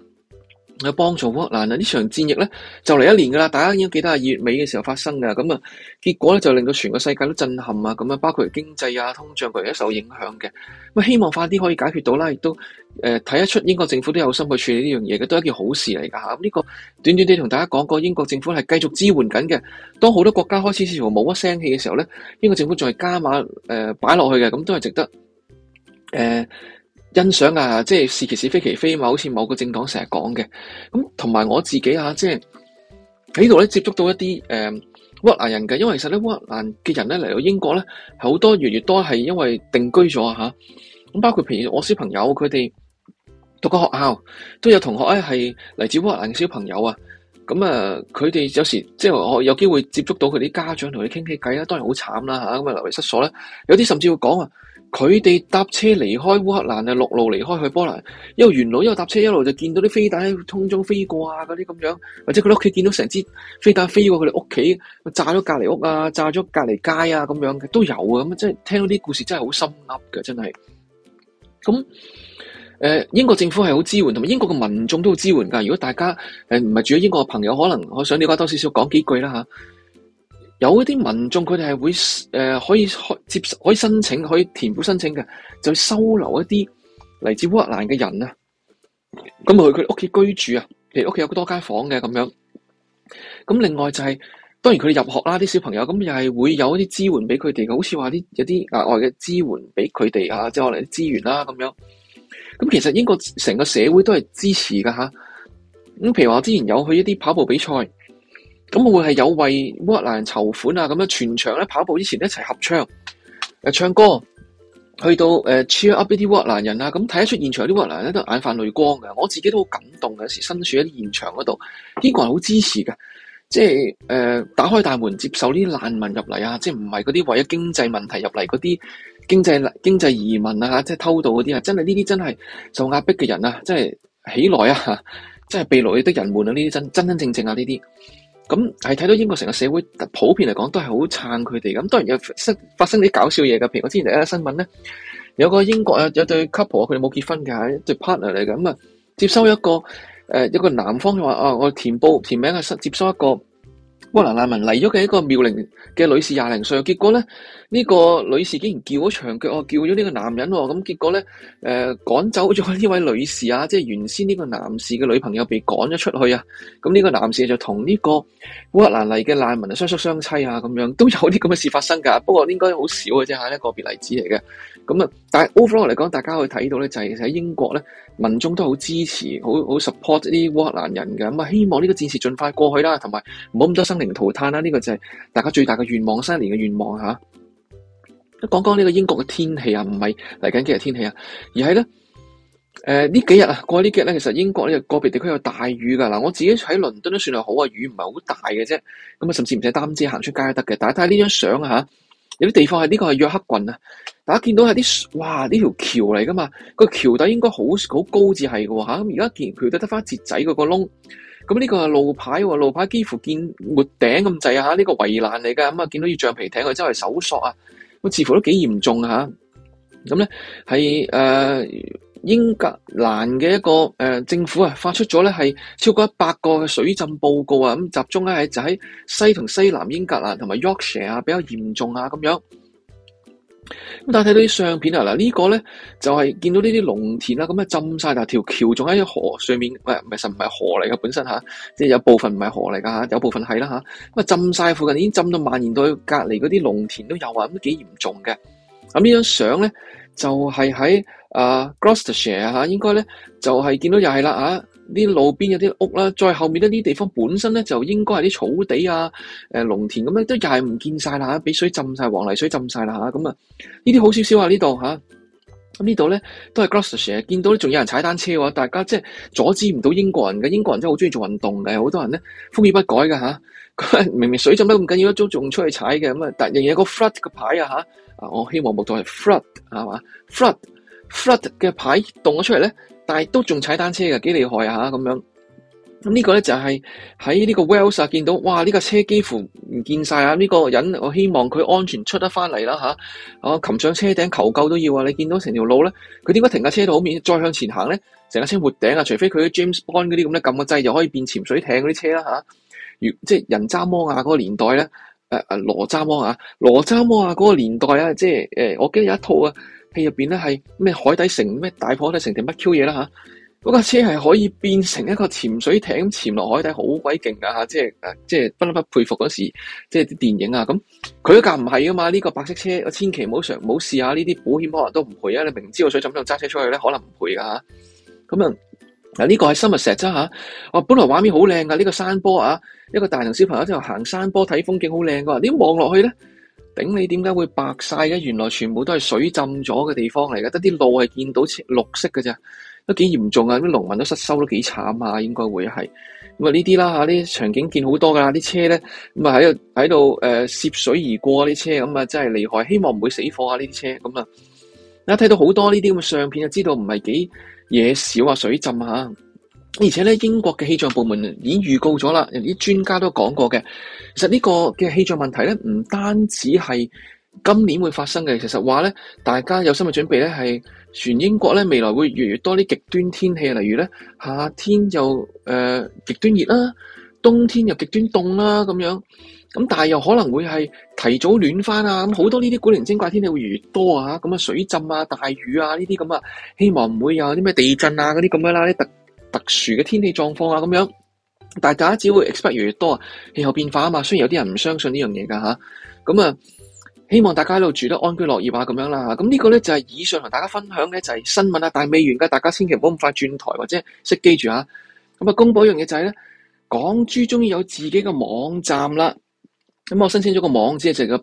有幫助嗱，嗱呢場戰役咧就嚟一年噶啦，大家應該記得係二月尾嘅時候發生嘅，咁啊結果咧就令到全個世界都震撼啊，咁啊包括經濟啊、通脹佢都受影響嘅，咁啊，希望快啲可以解決到啦，亦都誒睇得出英國政府都有心去處理呢樣嘢嘅，都係一件好事嚟噶嚇。咁、這、呢個短短地同大家講過，英國政府係繼續支援緊嘅，當好多國家開始似乎冇乜聲氣嘅時候咧，英國政府仲係加碼誒擺落去嘅，咁都係值得誒。呃欣賞啊，即係是其是非其非嘛，好似某個政黨成日講嘅。咁同埋我自己啊，即係喺度咧接觸到一啲誒、呃、烏克蘭人嘅，因為其實咧烏克蘭嘅人咧嚟到英國咧好多月月都係因為定居咗啊嚇。咁包括譬如我小朋友佢哋讀個學校都有同學咧係嚟自烏克蘭嘅小朋友啊。咁啊，佢哋有時即係我有機會接觸到佢啲家長同佢傾傾偈啦，當然好慘啦吓，咁啊流離失所咧，有啲甚至會講啊。佢哋搭車離開烏克蘭啊，陸路離開去波蘭，一路沿路一路搭車，一路就見到啲飛彈喺空中飛過啊，嗰啲咁樣，或者佢哋屋企見到成支飛彈飛過佢哋屋企，炸咗隔籬屋啊，炸咗隔籬街啊，咁樣嘅都有啊，咁即係聽到啲故事真係好心噏㗎。真係。咁，誒，英國政府係好支援，同埋英國嘅民眾都好支援噶。如果大家誒唔係住喺英國嘅朋友，可能我想了解多少少，講幾句啦吓。有一啲民眾，佢哋係會誒可以接可以申請，可以填補申請嘅，就會收留一啲嚟自烏克蘭嘅人啊，咁去佢屋企居住啊，譬如屋企有多間房嘅咁樣。咁另外就係，當然佢哋入學啦，啲小朋友咁又係會有一啲支援俾佢哋嘅，好似話啲有啲額外嘅支援俾佢哋啊，即係我哋啲資源啦咁樣。咁其實英國成個社會都係支持㗎。嚇。咁譬如話之前有去一啲跑步比賽。咁會係有為烏克蘭人籌款啊，咁樣全場咧跑步之前一齊合唱誒唱歌，去到誒 cheer up 啲烏克蘭人啊。咁睇得出現場啲烏克蘭人都眼泛淚光嘅。我自己都好感動嘅。有時身處喺現場嗰度，英國人好支持嘅，即係誒、呃、打開大門接受啲難民入嚟啊。即係唔係嗰啲為咗經濟問題入嚟嗰啲經濟經濟移民啊？即係偷渡嗰啲啊。真係呢啲真係受壓迫嘅人啊，真係起來啊！嚇，即係被落的人們啊。呢啲真真真正正啊，呢啲。咁係睇到英國成個社會普遍嚟講都係好撐佢哋，咁，當然有生發生啲搞笑嘢嘅，譬如我之前睇下新聞咧，有個英國有對有對 couple 佢哋冇結婚嘅，一對 partner 嚟嘅，咁啊接收一個誒一個男方話啊，我填報填名啊，接收一個。呃一個烏克蘭難民嚟咗嘅一個妙齡嘅女士廿零歲，結果咧呢、這個女士竟然叫咗長腳哦，叫咗呢個男人喎、哦。咁結果咧誒、呃、趕走咗呢位女士啊，即係原先呢個男士嘅女朋友被趕咗出去啊，咁、這、呢個男士就同呢個烏克蘭嚟嘅難民相相相妻啊，咁樣都有啲咁嘅事發生噶，不過應該好少嘅、啊、啫，係一個別例子嚟嘅。咁啊，但係 overall 嚟講，大家可以睇到咧，就係其實喺英國咧，民眾都好支持，好好 support 啲烏克蘭人嘅，咁啊，希望呢個戰事盡快過去啦，同埋唔好咁多生靈塗炭啦，呢、這個就係大家最大嘅願望，新年嘅願望吓。都講講呢個英國嘅天氣啊，唔係嚟緊幾日天氣啊，而係咧，誒、呃、呢幾日啊，過去呢幾日咧，其實英國咧個別地區有大雨噶，嗱我自己喺倫敦都算係好啊，雨唔係好大嘅啫，咁啊，甚至唔使擔遮行出街得嘅，但係睇下呢張相啊吓。有啲地方係呢、這個係約克郡啊，大家見到係啲哇，呢條橋嚟噶嘛，個橋底應該好好高至係嘅吓，咁而家見橋底得翻節仔嗰個窿，咁、這、呢個係路牌喎，路牌幾乎見沒頂咁滯啊吓，呢、這個圍欄嚟噶，咁啊見到要橡皮艇去周圍搜索啊，咁似乎都幾嚴重吓，咁咧係誒。英格蘭嘅一個誒、呃、政府啊，發出咗咧係超過一百個嘅水浸報告啊，咁、嗯、集中咧喺就喺、是、西同西南英格蘭同埋 Yorkshire 啊，比較嚴重啊咁樣。咁但係睇到啲相片啊，嗱、這個、呢個咧就係、是、見到呢啲農田啊，咁啊浸晒，但係條橋仲喺河上面，喂、哎，唔係實唔係河嚟嘅本身嚇、啊，即係有部分唔係河嚟噶嚇，有部分係啦吓，咁啊浸晒附近已經浸到蔓延到隔離嗰啲農田都有啊，咁幾嚴重嘅。咁呢張相咧。就係喺、uh, Gl 就是、啊，Gloucestershire 吓，應該咧就係見到又係啦，吓啲路邊有啲屋啦，再後面呢啲地方本身咧就應該係啲草地啊，誒、呃，農田咁樣都又係唔見晒啦，吓俾水浸晒，黃泥水浸晒啦，吓咁啊，啊呢啲好少少啊呢度吓，咁呢度咧都係 Gloucestershire，見到咧仲有人踩單車喎，大家即係阻止唔到英國人嘅，英國人真係好中意做運動嘅，好多人咧風雨不改嘅吓。啊 明明水浸得咁緊要，都仲出去踩嘅咁啊！但仍然有個 flood 嘅牌啊啊，我希望冇錯係 flood 係嘛？flood flood 嘅牌動咗出嚟咧，但係都仲踩單車嘅，幾厲害呀！咁、啊、樣咁呢、就是、個咧就係喺呢個 Wales 啊，見到哇呢架、這個、車幾乎唔見晒啊！呢、這個人我希望佢安全出得翻嚟啦吓，我擒上車頂求救都要啊！你見到成條路咧，佢點解停架車度好免再向前行咧？成架車活頂啊！除非佢 James Bond 嗰啲咁咧，撳個掣就可以變潛水艇嗰啲車啦、啊如即係人渣摩啊嗰個年代咧，誒誒羅渣摩啊，羅渣摩啊嗰個年代啊即係誒、欸、我記得有一套啊戲入邊咧係咩海底城咩大破底城定乜 Q 嘢啦吓，嗰架、啊那個、車係可以變成一個潛水艇潛落海底好鬼勁噶吓，即係誒、啊、即係不得不佩服嗰時即係啲電影啊咁，佢嗰架唔係噶嘛，呢、這個白色車我千祈唔好嘗唔好試下呢啲保險可能都唔賠啊，你明知我想浸到揸車出去咧，可能唔賠噶吓，咁啊。嗱呢個係生物石啫嚇，我本來畫面好靚噶，呢、這個山坡啊，一個大人小朋友即係行山坡睇風景好靚嘅，你望落去咧，頂你點解會白晒嘅？原來全部都係水浸咗嘅地方嚟嘅，得啲路係見到綠色嘅咋，都幾嚴重啊！啲農民都失收都幾慘啊，應該會係咁啊！呢啲啦呢啲場景見好多㗎，啲車咧咁啊喺度喺度誒涉水而過啲車咁啊，真係厲害！希望唔會死火啊！呢啲車咁啊，一睇到好多呢啲咁嘅相片就知道唔係幾。嘢少啊，水浸啊，而且咧，英國嘅氣象部門已經預告咗啦，有啲專家都講過嘅。其實呢個嘅氣象問題咧，唔單止係今年會發生嘅，其實話咧，大家有心理準備咧，係全英國咧未來會越來越多啲極端天氣，例如咧夏天又誒、呃、極端熱啦、啊，冬天又極端凍啦咁樣。咁但係又可能會係提早暖翻啊！咁好多呢啲古靈精怪天氣會越嚟越多啊！咁啊，水浸啊、大雨啊，呢啲咁啊，希望唔會有啲咩地震啊嗰啲咁樣啦，啲特特殊嘅天氣狀況啊咁樣。但大家只會 expect 越嚟越多啊！氣候變化啊嘛，雖然有啲人唔相信呢樣嘢噶吓。咁啊，希望大家喺度住得安居樂業啊咁樣啦，咁呢個咧就係以上同大家分享嘅，就係新聞啊，但係未完嘅，大家千祈唔好咁快轉台或者熄機住啊。咁啊，公佈一樣嘢就係、是、咧，港珠終於有自己嘅網站啦。咁我申請咗個網址就係、是、個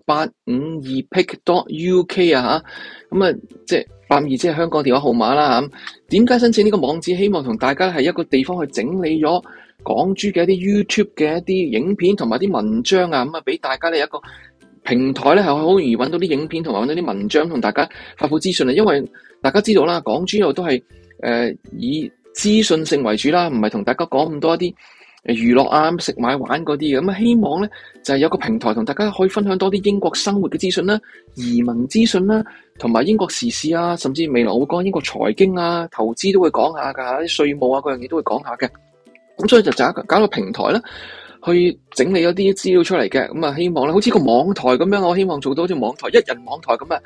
852 pick.dot.uk 啊，咁啊即係八五二即係香港電話號碼啦。咁點解申請呢個網址？希望同大家係一個地方去整理咗港珠嘅一啲 YouTube 嘅一啲影片同埋啲文章啊，咁啊俾大家咧一個平台咧係好容易揾到啲影片同埋揾到啲文章同大家發布資訊啊。因為大家知道啦，港珠又都係誒、呃、以資訊性為主啦，唔係同大家講咁多一啲。娛樂啊，食買玩嗰啲嘅，咁啊希望咧就係有個平台同大家可以分享多啲英國生活嘅資訊啦，移民資訊啦，同埋英國時事啊，甚至未來我會講英國財經啊，投資都會講下噶，啲稅務啊各樣嘢都會講下嘅。咁所以就就搞一個平台啦，去整理一啲資料出嚟嘅，咁啊希望咧好似個網台咁樣，我希望做到好似網台一人網台咁啊。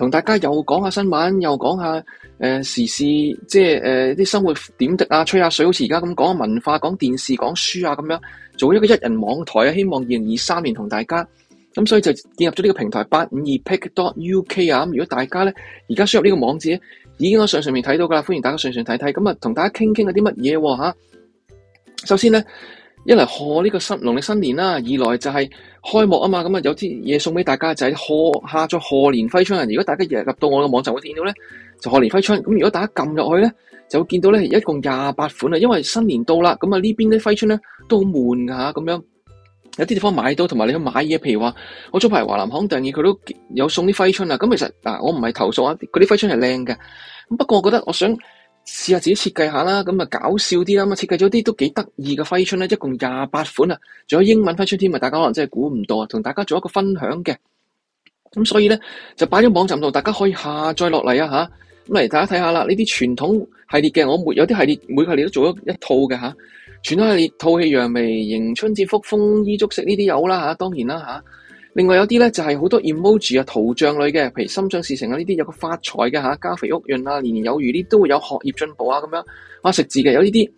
同大家又講下新聞，又講下誒時事，即係誒啲生活點滴啊，吹下、啊、水，好似而家咁講文化、講電視、講書啊咁樣，做一個一人網台啊。希望二零二三年同大家咁，所以就建立咗呢個平台八五二 pick dot uk 啊。咁如果大家咧而家輸入呢個網址，已經喺上上面睇到噶啦。歡迎大家上上睇睇。咁啊，同大家傾傾嗰啲乜嘢嚇？首先咧，一嚟賀呢個新農曆新年啦、啊，二來就係、是。開幕啊嘛，咁啊有啲嘢，送俾大家就係、是、賀下再賀年揮春。如果大家日日入到我嘅網站會見到咧，就賀年揮春。咁如果大家撳入去咧，就會見到咧一共廿八款啊。因為新年到啦，咁啊呢邊啲揮春咧都好悶噶咁樣。有啲地方買到同埋你去買嘢，譬如話我早排華南行訂嘢，佢都有送啲揮春啊。咁其實嗱，我唔係投訴啊，嗰啲揮春係靚嘅。咁不過我覺得我想。試下自己設計下啦，咁啊搞笑啲啦，咁啊設計咗啲都幾得意嘅揮春啦，一共廿八款啊，仲有英文揮春添，啊，大家可能真係估唔到啊，同大家做一個分享嘅。咁所以咧就擺咗網站度，大家可以下載落嚟啊吓。咁嚟大家睇下啦，呢啲傳統系列嘅，我沒有啲系列，每個系列都做咗一套嘅吓、啊。傳統系列，吐氣揚眉迎春接福風，豐衣足食呢啲有啦吓、啊，當然啦吓。啊另外有啲咧就係、是、好多 emoji 啊、圖像類嘅，譬如心想事成啊呢啲，有個發財嘅吓、家肥屋潤啊、年年有餘呢，都會有學業進步啊咁樣啊食字嘅有呢啲，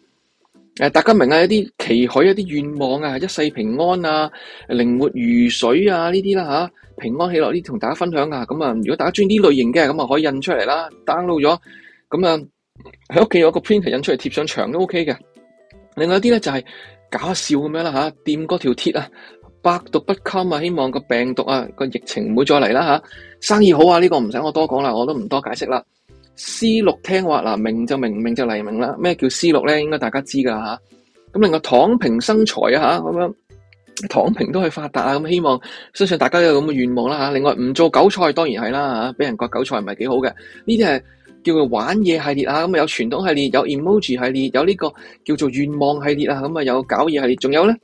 誒大家明啊，有啲祈許有啲願望啊，一世平安啊、靈活如水啊呢啲啦吓，平安喜樂呢啲同大家分享啊，咁啊如果大家中意呢類型嘅咁啊可以印出嚟啦，download 咗咁啊喺屋企有個 printer 印出嚟貼上牆都 OK 嘅。另外有啲咧就係、是、搞笑咁樣啦吓，掂嗰條鐵啊。百毒不侵啊！希望個病毒啊，個疫情唔會再嚟啦吓。生意好啊，呢、這個唔使我多講啦，我都唔多解釋啦。思六聽話嗱，明就明，明就黎明啦。咩叫思六咧？應該大家知噶吓。咁、啊、另外躺平生財啊吓，咁樣躺平都係發達啊。咁希望相信大家都有咁嘅願望啦吓、啊。另外唔做韭菜當然係啦吓，俾、啊、人割韭菜唔係幾好嘅。呢啲係叫做玩嘢系列啊。咁啊有傳統系列，有 emoji 系列，有呢個叫做願望系列啊。咁啊有搞嘢系列，仲有咧。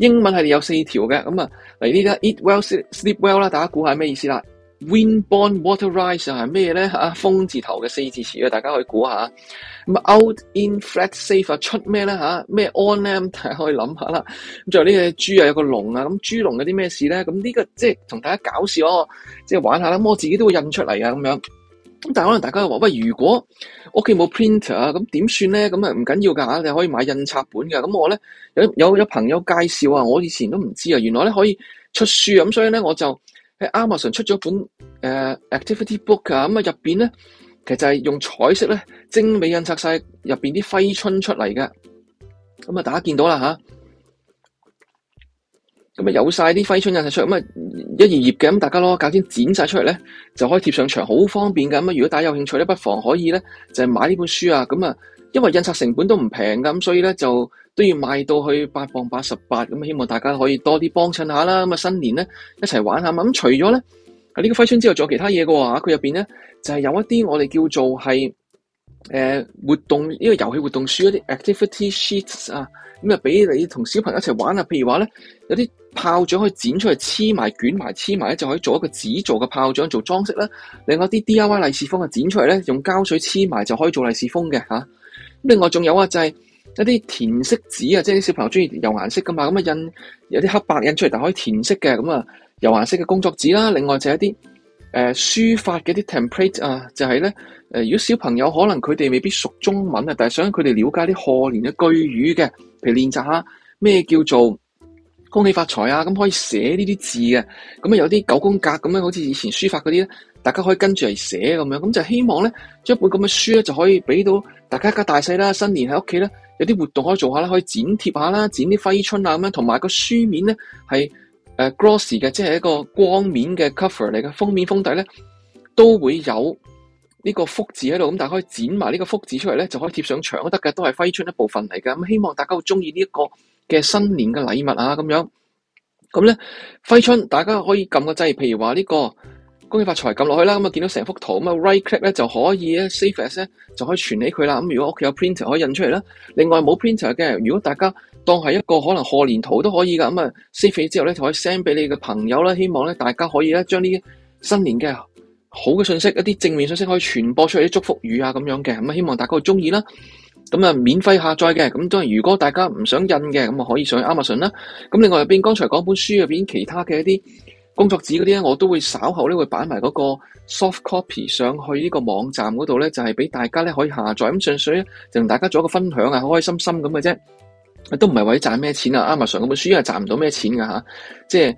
英文係有四條嘅，咁啊嚟呢家 eat well sleep well 啦，大家估下咩意思啦？Wind born water rise 係咩咧？吓、啊、風字頭嘅四字詞啊，大家可以估下。咁 out in flat safe 出咩咧？吓、啊、咩 on 咧？大家可以諗下啦。咁仲有呢隻豬啊，有個龍啊，咁豬籠有啲咩事咧？咁呢個即係同大家搞笑哦，即係玩下啦。我自己都會印出嚟啊，咁樣。咁但係可能大家話，喂，如果屋企冇 printer 啊，咁點算咧？咁啊唔緊要㗎吓，你可以買印刷本㗎。呢，咁我咧有有有朋友介紹啊，我以前都唔知啊，原來咧可以出書啊。咁所以咧我就喺 Amazon 出咗本誒、呃、Activity Book 㗎。咁啊入面咧其實係用彩色咧精美印刷晒入面啲揮春出嚟嘅。咁啊大家見到啦吓。啊咁啊有晒啲揮春印刷出嚟，咁啊一頁頁嘅，咁大家囉，搞啲剪晒出嚟咧，就可以貼上牆，好方便噶。咁啊如果大家有興趣咧，不妨可以咧就係買呢本書啊。咁啊，因為印刷成本都唔平噶，咁所以咧就都要賣到去八磅八十八。咁啊，希望大家可以多啲幫襯下啦。咁啊新年咧一齊玩一下嘛。咁除咗咧呢個揮春之後仲有其他嘢嘅話，佢入邊咧就係有一啲我哋叫做係誒活動呢、這個遊戲活動書一啲 activity sheets 啊。咁啊，俾你同小朋友一齊玩啊！譬如話咧，有啲炮仗可以剪出嚟黐埋捲埋黐埋咧，就可以做一個紙做嘅炮仗做裝飾啦。另外啲 D.I.Y. 利是封啊，剪出嚟咧用膠水黐埋就可以做利是封嘅吓。咁另外仲有啊，就係、是、一啲填色紙啊，即係啲小朋友中意油顏色噶嘛，咁啊印有啲黑白印出嚟，但可以填色嘅，咁啊油顏色嘅工作紙啦。另外就係一啲。誒書法嘅啲 template 啊，就係咧誒，如果小朋友可能佢哋未必熟中文啊，但係想佢哋了解啲賀年嘅句語嘅，譬如練習下咩叫做恭喜發財啊，咁可以寫呢啲字嘅，咁啊有啲九宮格咁樣，好似以前書法嗰啲咧，大家可以跟住嚟寫咁樣，咁就希望咧，將一本咁嘅書咧就可以俾到大家一家大細啦，新年喺屋企咧有啲活動可以做下啦，可以剪貼下啦，剪啲揮春啊咁樣，同埋個書面咧係。誒 Glossy 嘅，即係一個光面嘅 cover 嚟嘅，封面封底咧，都會有呢個福字喺度，咁、大家可以剪埋呢個福字出嚟咧，就可以貼上牆都得嘅，都係揮春一部分嚟嘅。咁希望大家好中意呢一個嘅新年嘅禮物啊，咁樣咁咧，揮春大家可以撳個掣，譬如話呢個恭喜發財撳落去啦，咁啊見到成幅圖咁啊 right click 咧就可以咧 save as 咧，就可以存起佢啦。咁、嗯、如果屋企有 printer 可以印出嚟啦。另外冇 printer 嘅，如果大家當係一個可能賀年圖都可以噶，咁啊，save 之後咧，就可以 send 俾你嘅朋友啦。希望咧，大家可以咧將呢啲新年嘅好嘅信息，一啲正面信息可以傳播出嚟，啲祝福語啊咁樣嘅，咁啊，希望大家會中意啦。咁啊，免費下載嘅，咁當然，如果大家唔想印嘅，咁啊，可以上去 Amazon 啦。咁另外入邊剛才講本書入邊其他嘅一啲工作紙嗰啲咧，我都會稍後咧會擺埋嗰個 soft copy 上去呢個網站嗰度咧，就係、是、俾大家咧可以下載。咁純粹咧，就同大家做一個分享啊，開開心心咁嘅啫。都唔係為咗賺咩錢啊！Amazon 嗰本書因係賺唔到咩錢噶嚇，即係誒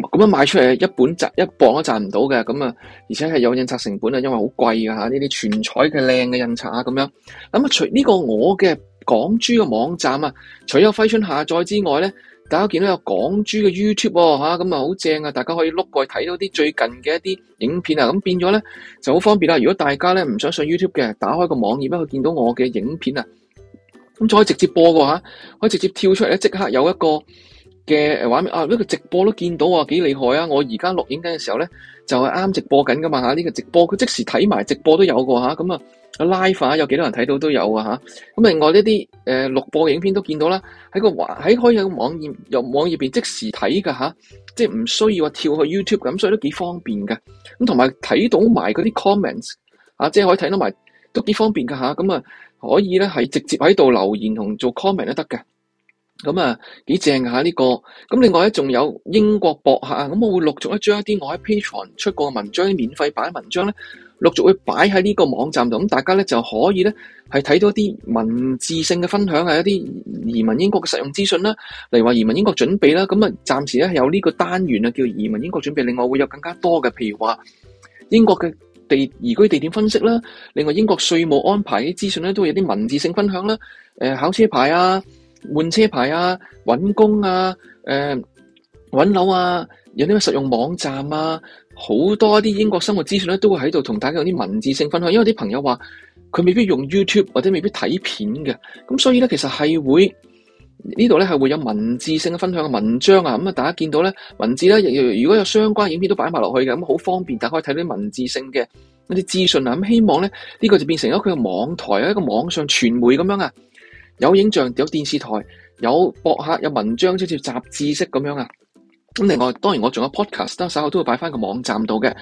咁樣賣出嚟一本賺一,一磅都賺唔到嘅咁啊，而且係有印刷成本啊，因為好貴噶嚇呢啲全彩嘅靚嘅印刷啊咁樣。咁、嗯、啊，除呢、呢個我嘅港珠嘅網站啊，除咗快春下載之外咧，大家見到有港珠嘅 YouTube 吓、啊，咁啊好正啊！大家可以碌過去睇到啲最近嘅一啲影片啊，咁變咗咧就好方便啦。如果大家咧唔想上 YouTube 嘅，打開個網頁咧，去見到我嘅影片啊。咁可以直接播噶吓，可以直接跳出嚟咧，即刻有一個嘅誒畫面啊！呢個直播都見到啊，幾厲害啊！我而家錄影緊嘅時候咧，就係啱直播緊噶嘛嚇。呢個直播佢即時睇埋直播都有個嚇，咁啊 live 有幾多人睇到都有啊吓，咁另外呢啲誒錄播影片都見到啦，喺個喺開有網頁又網頁邊即時睇噶嚇，即係唔需要話跳去 YouTube 咁，所以都幾方便㗎。咁同埋睇到埋嗰啲 comments 啊，即係可以睇到埋都幾方便噶吓咁啊～可以咧，係直接喺度留言同做 comment 都得嘅。咁啊，幾正嚇呢個。咁另外咧，仲有英國博客啊。咁我會陸續咧將一啲我喺 Patreon 出過嘅文章，啲免費擺嘅文章咧，陸續會擺喺呢個網站度。咁大家咧就可以咧係睇到一啲文字性嘅分享，啊。一啲移民英國嘅實用資訊啦。例如話移民英國準備啦，咁啊暫時咧有呢個單元啊，叫移民英國準備。另外會有更加多嘅，譬如話英國嘅。地移居地點分析啦，另外英國稅務安排啲資訊咧都會有啲文字性分享啦，誒考車牌啊、換車牌啊、揾工啊、誒揾樓啊，有啲實用網站啊，好多啲英國生活資訊咧都會喺度同大家有啲文字性分享，因為啲朋友話佢未必用 YouTube 或者未必睇片嘅，咁所以咧其實係會。呢度咧係會有文字性嘅分享嘅文章啊，咁啊大家見到咧文字咧，如果有相關影片都擺埋落去嘅，咁好方便大家可以睇到啲文字性嘅一啲資訊啊。咁希望咧呢個就變成咗佢嘅網台啊，一個網上傳媒咁樣啊，有影像，有電視台，有博客，有文章，即係似雜誌式咁樣啊。咁另外，當然我仲有 podcast 啦，稍後都會擺翻個網站度嘅。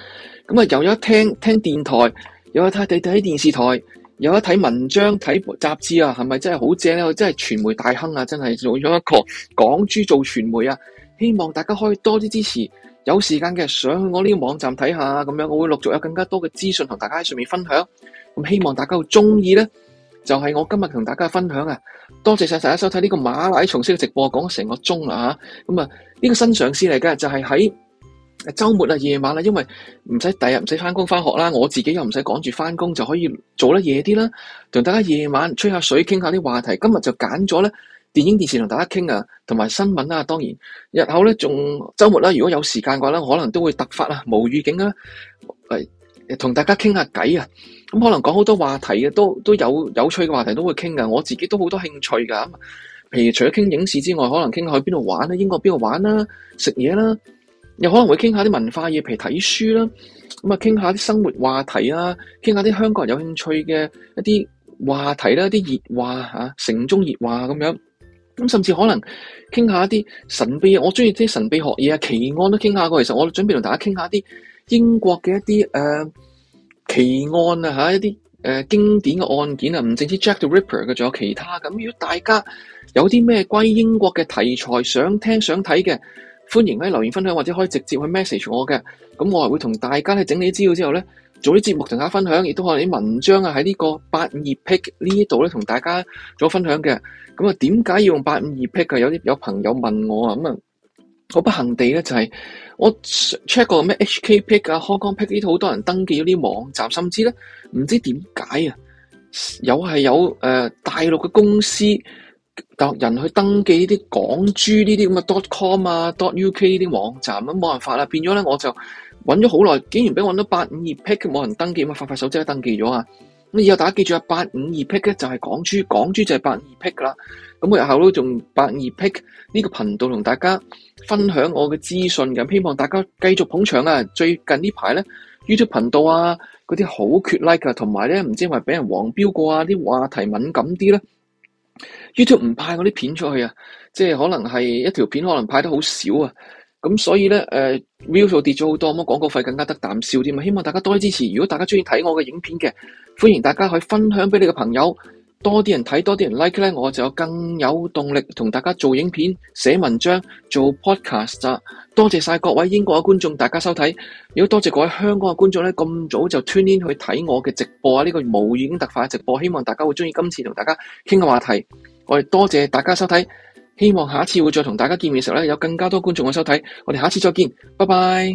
咁啊，又有一聽聽電台，又有睇睇睇電視台。有得睇文章睇雜誌啊，係咪真係好正咧？我真係傳媒大亨啊，真係做咗一個港珠做傳媒啊！希望大家可以多啲支持，有時間嘅上去我呢個網站睇下咁樣，我會陸續有更加多嘅資訊同大家喺上面分享。咁希望大家好中意咧，就係、是、我今日同大家分享啊！多謝曬大家收睇呢個馬拉松式嘅直播，講成個鐘啦吓。咁啊，呢、這個新嘗試嚟嘅，就係喺。周末啊，夜晚啦，因為唔使第日唔使翻工翻學啦，我自己又唔使趕住翻工，就可以做得夜啲啦。同大家夜晚吹下水，傾下啲話題。今日就揀咗咧電影電視同大家傾啊，同埋新聞啊。當然日後咧仲周末啦，如果有時間嘅話咧，可能都會突發啊，無預警啊，係同大家傾下偈啊。咁可能講好多話題嘅，都都有有趣嘅話題都會傾噶。我自己都好多興趣噶。譬如除咗傾影視之外，可能傾下去邊度玩咧，英國邊度玩啦，食嘢啦。又可能會傾下啲文化嘢，譬如睇書啦，咁啊，傾下啲生活話題啊，傾下啲香港人有興趣嘅一啲話題啦，一啲熱話嚇，城中熱話咁樣，咁甚至可能傾下一啲神秘，我中意啲神秘學嘢啊，奇案都傾下過。其實我準備同大家傾下啲英國嘅一啲誒、呃、奇案啊，嚇一啲誒、呃、經典嘅案件啊，唔淨止 Jack the Ripper 嘅，仲有其他。咁如果大家有啲咩關於英國嘅題材想聽想睇嘅？歡迎留言分享，或者可以直接去 message 我嘅，咁我係會同大家咧整理資料之後咧，做啲節目同大家分享，亦都可以啲文章啊喺呢個八五二 Pick 呢度咧同大家做分享嘅。咁啊，點解要用八五二 Pick 啊？有啲有朋友問我啊，咁啊，好不幸地咧就係、是、我 check 過咩 HK Pick 啊、Hong Kong Pick 呢度，好多人登記咗啲網站，甚至咧唔知點解啊，有係有、呃、大陸嘅公司。人去登記呢啲港珠呢啲咁嘅 dot com 啊 dot、啊、uk 呢啲網站，咁冇辦法啦，變咗咧我就揾咗好耐，竟然俾我揾到八五二 pick 冇人登記，咁發發手即刻登記咗啊！咁以後大家記住啊，八五二 pick 咧就係港珠，港珠就係八五二 pick 啦。咁我日後都仲八五二 pick 呢個頻道同大家分享我嘅資訊，咁希望大家繼續捧場啊！最近，最近呢排咧 YouTube 頻道啊，嗰啲好缺 like 啊，同埋咧唔知係咪俾人黃標過啊，啲話題敏感啲咧。YouTube 唔派我啲片出去啊，即係可能係一條片可能派得好少啊，咁所以咧誒 view 跌咗好多，咁廣告費更加得啖笑添啊，希望大家多啲支持。如果大家中意睇我嘅影片嘅，歡迎大家可以分享俾你嘅朋友。多啲人睇，多啲人 like 咧，我就更有動力同大家做影片、寫文章、做 podcast。多謝晒各位英國嘅觀眾，大家收睇。如果多謝各位香港嘅觀眾咧，咁早就 tune in 去睇我嘅直播啊，呢、這個無預警突發嘅直播，希望大家會中意今次同大家傾嘅話題。我哋多謝大家收睇，希望下一次會再同大家見面嘅時候咧，有更加多觀眾嘅收睇。我哋下次再見，拜拜。